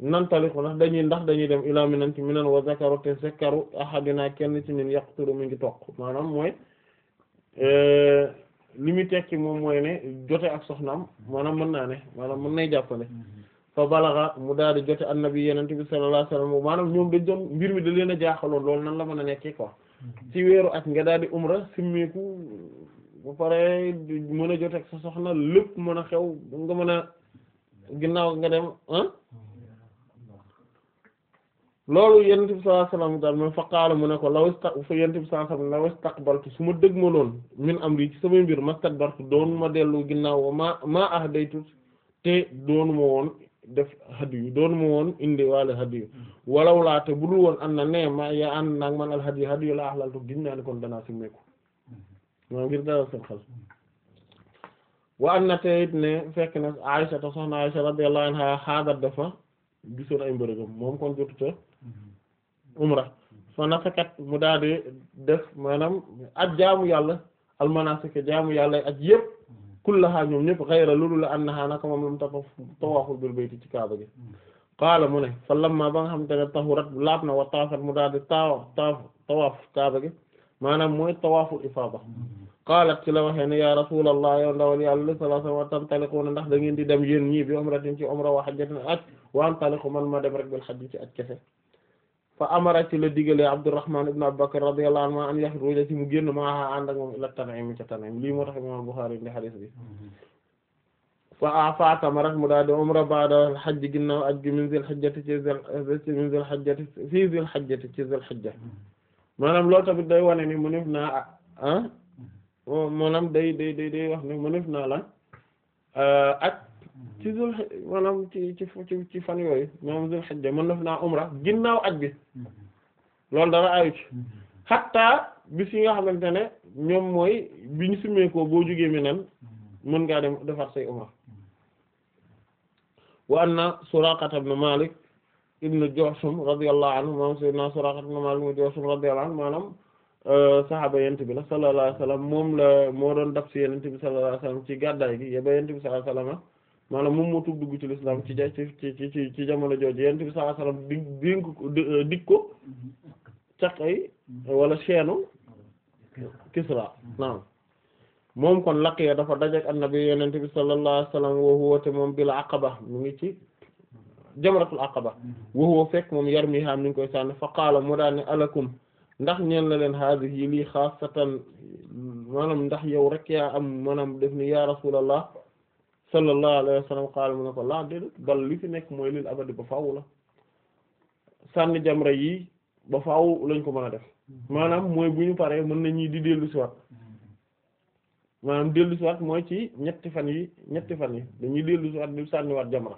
nantaliku ndax dañuy ndax dañuy dem ilaa minan ci minan wa zakaru te zakaru ahadina kenn ci ñun yaqturu mi ngi toq maanaam mooy eh, li muy tekki moom mooy ne jote ak soxnaam maanaam mën naa ne maanaam mën nay jàppale fa balaxa mu daal di jote annabi yenente bi sallallahu alayhi wasallam maanaam ñoom dañ doon mbir mi da leen a jaaxaloon loolu nan la mën a nekkee quoi mm-hmm. ci weeru ak nga daal umra simmeeku ba pare mën a jote ak soxna lépp mën a xew nga mën a ginnaaw nga dem ah loolu yenente bi sallallahu alayhi wasallam daal moom fa qaala mu ko law sta yenente bi sallallahu su ma dëgg ma loon min am rii ci samay mbir mastadbartu doon ma dellu ginnaaw ma maa ah day tut te doonu woon def hadiyu doon mu woon indi waale hadiyu walaw laata bu dul woon an na ne ma yaa ànd naag man al hadiyu hadiyu laa axlaltu gin naa ni kon danaa simmeeku wa an na te ne fekk na Aisha ta soxna Aisha radiyallahu anha xaadat dafa gisoon ay mbërëgam moom kon jotuta umra fa nafakat mu daal di def maanaam ak jaamu yàlla almanasik jaamu yàlla ak yépp kullahaa ñoom ñëpp xayra loolu la annahaa naka moom la mu tafa tawaaful bil bayti ci kaaba gi qaala mu ne fa lamma ba nga xamante ne tahurat laab na wa taafat mu daal di taawa taaf tawaaf kaaba gi maanaam mooy tawaaful ifaada qaalat ci la waxee ne ya rasulallah yow ndawal yàlla sallallahu alayhi wa sallam tantaliquna ndax da ngeen di dem yéen ñii bi umratin ci umra wa hajjatin ak wa antaliqu man ma dem rek bil hajji ci ak kese fa amara ci la digalee Abdurrahman ibn Abu Bakr radiyallahu anhu an yakhruja ci mu génn maa ànd ak moom ila Tan'im ca Tan'im lii moo tax imam Bukhari indi hadith bi fa afa tamarat mu daal di umra ba'da al-hajj ginnaaw min zil hajjati ci zil min zil hajjati fii tamit day wane ni mu naa a ah? maanaam day day day day wax ne mënef naa la ah, ci zul maanaam ci ci ci fan yooyu maanaam zul de mën def fi naa umra ginnaaw aj bi loolu dara ayu ci xatta bis yi nga xamante ne ñoom mooy bi ñu summeekoo boo jógee mi nan mën ngaa dem defar say umra na anna Suraqata ibn Malik ibn Jushum radiyallahu anhu maanaam sayyidina Suraqata ibn Malik ibn Jushum radiyallahu anhu euh, saxaaba yonent bi la sallallahu alayhi wasallam moom la moo doon dab ci yonent bi sallallahu alayhi wasallam ci gàddaay gi yaba yonent bi sallallahu alayhi wasallam maanaam moom moo tuub dugg ci lislaam ci ja ci jamono jooju yonent bi sallallahu alayhi wasallam di di euh, wala seenu Kisra naam moom kon laqiya dafa dajeek annabi yonent bi sallallahu alayhi wasallam wa huwa te moom bil aqaba mu ngi ci jamratul aqaba wa huwa fekk moom yarmiha mi ngi koy sànni fa qaala mu daal ne alakum ndax ñeen la leen haadihi lii xaasatan maanaam ndax yow rek yaa am maanaam def ni ya rasulallah sallallahu alayhi wa sallam mu ne ko laa déedéet bal li fi nekk mooy lil abadi ba faw la sànni jamra yi ba faw lañ ko mën a def maanaam mooy bu ñu paree mën nañuy di dellu si maanaam dellu si mooy ci ñetti fan yi ñetti fan yi dañuy dellu si waat di sànniwaat jamra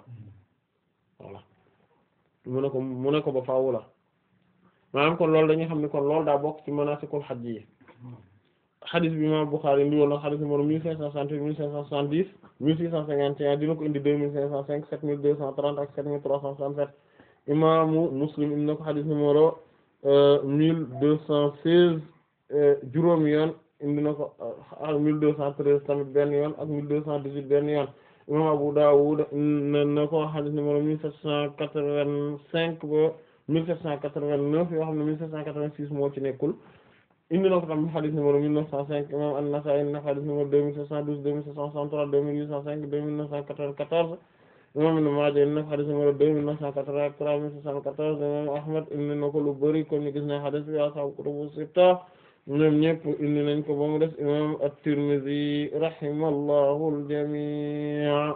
mu ne ko mu ne ko ba faw la maanaam kon loolu dañuy xam ne kon lool daa bokk ci ko hajj yi xadis bi imaam Bukhari indi woon na xadis numéro mille cinq cent soixante-huit mille cinq cent soixante-dix mille six cent cinquante dina ko indi deux mille cinq cinq sept mille deux cent trente ak sept mille trois cent soixante-sept Muslim indi na ko xadis numéro euh, mille deux cent seize euh, juróomi yoon indi na ko euh, mille deux tamit benn ak mille deux cent dix-huit benn imam Abu Dawud na ko xadis numéro mille sept cent quatre-vingt-cinq ba mille sept cent quatre-vingt-neuf yoo xam ne mille moo ci nekkul indi na ko tam xadis numéro mille neuf cent cinq imam An-Nasa'i indi na xadis numéro deux mille sept cent douze deux cent soixante-trois deux mille cent cinq deux mille neuf cent quatre-vingt-quatorze imam Ibn Maaja indi na xadis numéro deux mille lu bari gis na xadis bi ashaabu kutubu sitta ñoom ñépp indi nañ ko ba mu des imam At-Tirmidhi rahimahullahu al-jami'